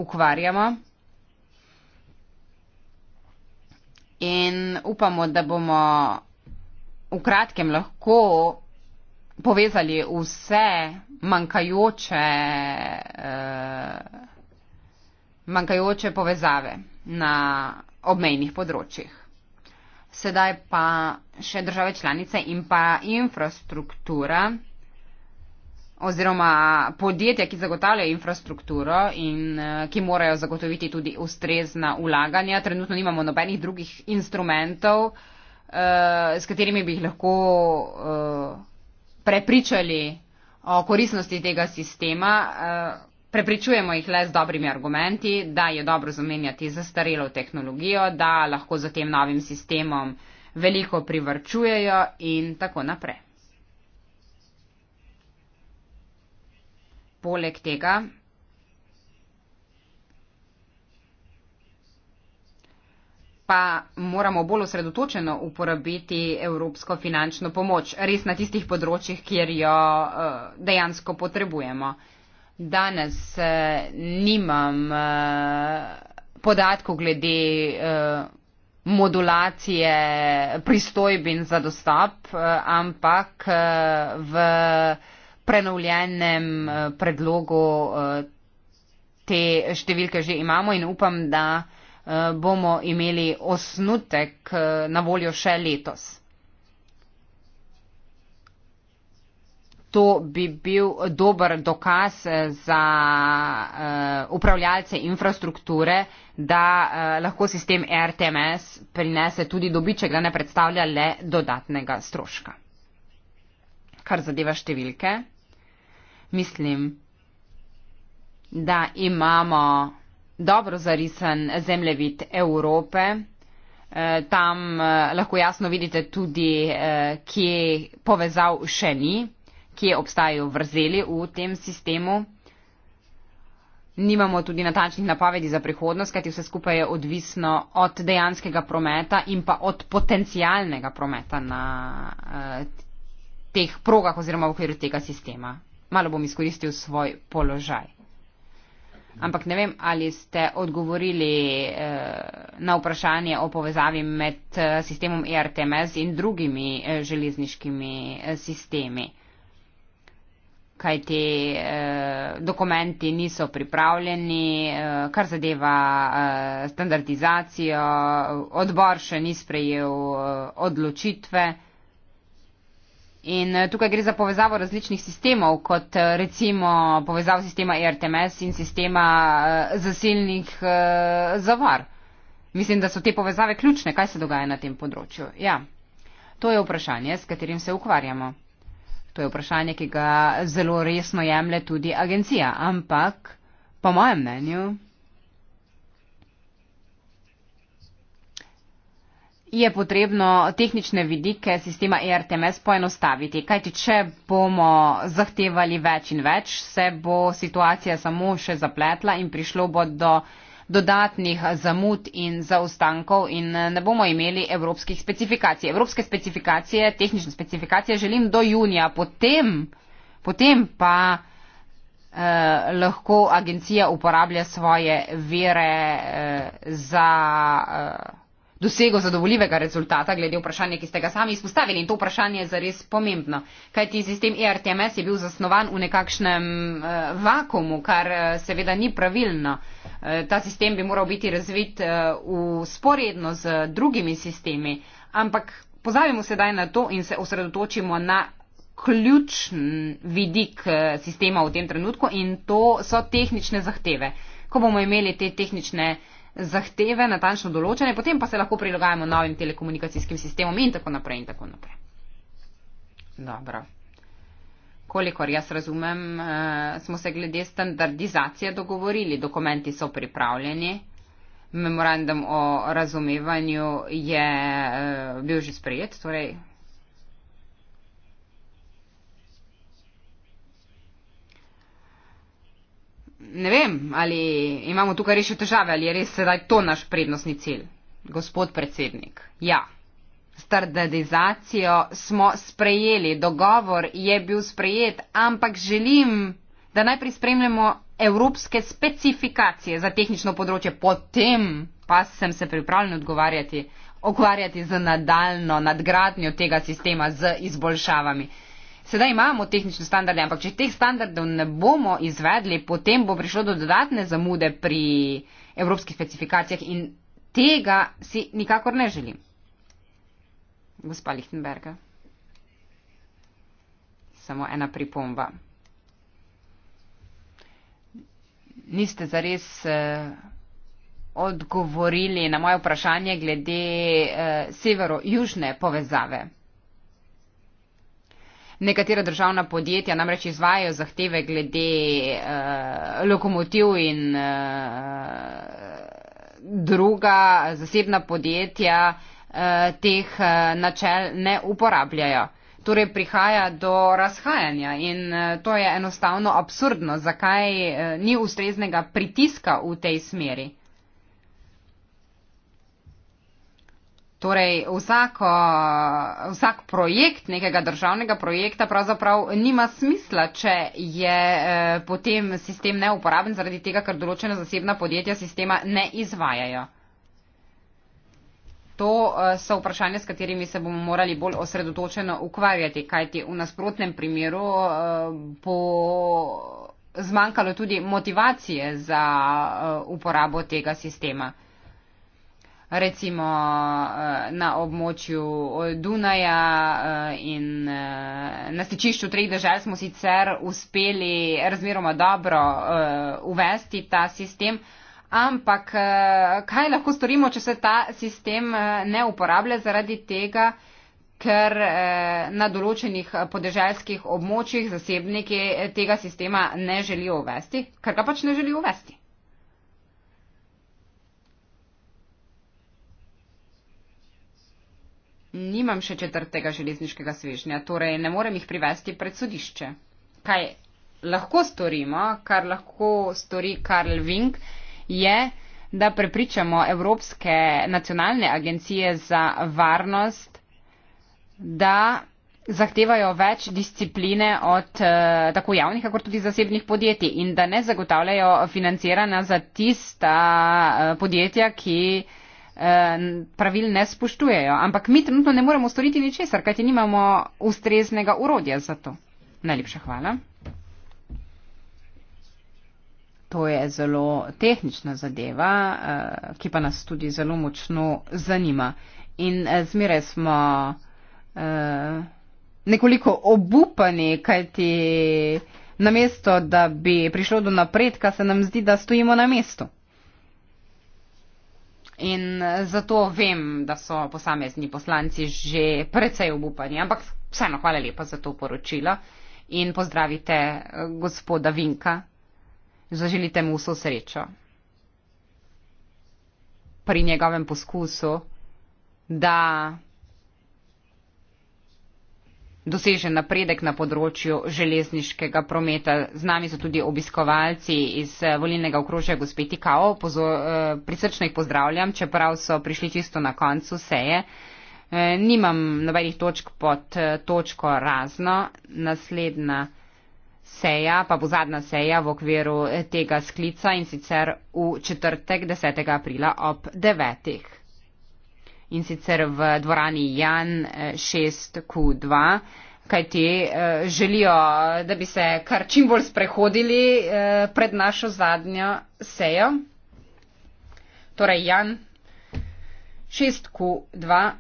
ukvarjamo in upamo, da bomo v kratkem lahko povezali vse manjkajoče, eh, manjkajoče povezave na obmejnih področjih. Sedaj pa še države članice in pa infrastruktura oziroma podjetja, ki zagotavljajo infrastrukturo in eh, ki morajo zagotoviti tudi ustrezna ulaganja. Trenutno nimamo nobenih drugih instrumentov, eh, s katerimi bi jih lahko eh, prepričali o koristnosti tega sistema. Prepričujemo jih le z dobrimi argumenti, da je dobro zamenjati zastarelo tehnologijo, da lahko za tem novim sistemom veliko privrčujejo in tako naprej. Poleg tega pa moramo bolj osredotočeno uporabiti evropsko finančno pomoč, res na tistih področjih, kjer jo uh, dejansko potrebujemo danes eh, nimam eh, podatkov glede eh, modulacije pristojbin za dostop, eh, ampak eh, v prenovljenem eh, predlogu eh, te številke že imamo in upam, da eh, bomo imeli osnutek eh, na voljo še letos. to bi bil dober dokaz eh, za eh, upravljalce infrastrukture, da eh, lahko sistem RTMS prinese tudi dobiček, da ne predstavlja le dodatnega stroška. Kar zadeva številke, mislim, da imamo dobro zarisan zemljevid Evrope. Tam lahko jasno vidite tudi, kje povezav še ni kje obstajajo vrzeli v tem sistemu. Nimamo tudi natančnih napovedi za prihodnost, kajti vse skupaj je odvisno od dejanskega prometa in pa od potencijalnega prometa na uh, teh progah oziroma v okviru tega sistema. Malo bom izkoristil svoj položaj. Ampak ne vem, ali ste odgovorili uh, na vprašanje o povezavi med uh, sistemom ERTMS in drugimi uh, železniškimi uh, sistemi. Uh, kaj ti eh, dokumenti niso pripravljeni, eh, kar zadeva eh, standardizacijo, odbor še ni sprejel eh, odločitve. In eh, tukaj gre za povezavo različnih sistemov, kot eh, recimo povezavo sistema ERTMS in sistema eh, zasilnih zavar. Mislim, da so te povezave ključne, kaj se dogaja na tem področju. Ja, to je vprašanje, s katerim se ukvarjamo. To je vprašanje, ki ga zelo resno jemlje tudi agencija, ampak po mojem mnenju je potrebno tehnične vidike sistema ERTMS poenostaviti. Kajti, če bomo zahtevali več in več, se bo situacija samo še zapletla in prišlo bo do dodatnih zamud in zaostankov in eh, ne bomo imeli evropskih specifikacij. Evropske specifikacije, tehnične specifikacije želim do junija, potem, potem pa eh, lahko agencija uporablja svoje vere eh, za. Eh, dosego zadovoljivega rezultata glede vprašanja, ki ste ga sami izpostavili in to vprašanje je zares pomembno. Kajti sistem ERTMS je bil zasnovan v nekakšnem uh, vakumu, kar uh, seveda ni pravilno. Uh, ta sistem bi moral biti razvit uh, v sporedno z uh, drugimi sistemi, ampak pozavimo sedaj na to in se osredotočimo na ključen vidik uh, sistema v tem trenutku in to so tehnične zahteve. Ko bomo imeli te tehnične uh, zahteve natančno določene, potem pa se lahko prilagajamo novim telekomunikacijskim sistemom in tako naprej in tako naprej. Dobro. Kolikor jaz razumem, eh, smo se glede standardizacije dogovorili, dokumenti so pripravljeni, memorandum o razumevanju je eh, bil že sprejet, torej ne vem, ali imamo tukaj rešitev težave, ali je res sedaj to naš prednostni cilj. Gospod predsednik, ja, standardizacijo smo sprejeli, dogovor je bil sprejet, ampak želim, da najprej spremljamo evropske specifikacije za tehnično področje, potem pa sem se pripravljen odgovarjati, odgovarjati z nadaljno nadgradnjo tega sistema z izboljšavami. Sedaj imamo tehnične standarde, ampak če teh standardov ne bomo izvedli, potem bo prišlo do dodatne zamude pri evropskih specifikacijah in tega si nikakor ne želim. Gospa Lichtenberga. Samo ena pripomba. Niste zares eh, odgovorili na moje vprašanje glede eh, severo-južne povezave. Nekatera državna podjetja namreč izvajajo zahteve glede uh, lokomotiv in uh, druga zasebna podjetja uh, teh uh, načel ne uporabljajo. Torej prihaja do razhajanja in uh, to je enostavno absurdno. Zakaj uh, ni ustreznega pritiska v tej smeri? Torej, vsako, vsak projekt nekega državnega projekta pravzaprav nima smisla, če je eh, potem sistem neuporaben zaradi tega, ker določena zasebna podjetja sistema ne izvajajo. To eh, so vprašanja, s katerimi se bomo morali bolj osredotočeno ukvarjati, kajti v nasprotnem primeru eh, bo zmanjkalo tudi motivacije za eh, uporabo tega sistema recimo eh, na območju eh, Dunaja eh, in na stičišču treh držav smo sicer uspeli razmeroma dobro uvesti ta sistem, ampak kaj lahko storimo, če se ta sistem ne uporablja zaradi tega, ker na določenih podeželskih območjih zasebniki tega sistema ne želijo uvesti, ker ga pač ne želijo uvesti. Nimam še četrtega železniškega svežnja, torej ne morem jih privesti pred sodišče. Kaj lahko storimo, kar lahko stori Karl Vink, je, da prepričamo Evropske nacionalne agencije za varnost, da zahtevajo več discipline od eh, tako javnih, kako tudi zasebnih podjetij in da ne zagotavljajo financirana za tista eh, podjetja, ki Eh, pravil ne spoštujejo. Ampak mi trenutno ne moremo storiti ničesar, kajti nimamo ustreznega urodja za to. Najlepša hvala. To je zelo tehnična zadeva, eh, ki pa nas tudi zelo močno zanima. In eh, zmeraj smo nekoliko obupani, kajti namesto, da bi prišlo do napredka, se nam zdi, da stojimo na mestu. In eh, zato vem, da so posamezni poslanci že precej obupani, ampak vseeno hvala lepa za to poročilo in pozdravite eh, gospoda Vinka. Zaželite mu vso srečo pri njegovem poskusu, da dosežen napredek na področju železniškega prometa. Z nami so tudi obiskovalci iz eh, volilnega okrožja gospeti Kao. Eh, prisrčno jih pozdravljam, čeprav so prišli čisto na koncu seje. Eh, nimam nobenih točk pod točko razno. Naslednja seja, pa bo zadnja seja v okviru tega sklica in sicer v četrtek 10. aprila ob 9 in sicer v dvorani Jan 6Q2, eh, kajti eh, želijo, da bi se kar čim bolj sprehodili eh, pred našo zadnjo sejo. Torej Jan 6Q2.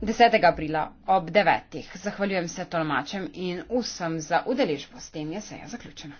10. aprila ob 9. Zahvaljujem se tolmačem in vsem za udeležbo. S tem je seja zaključena.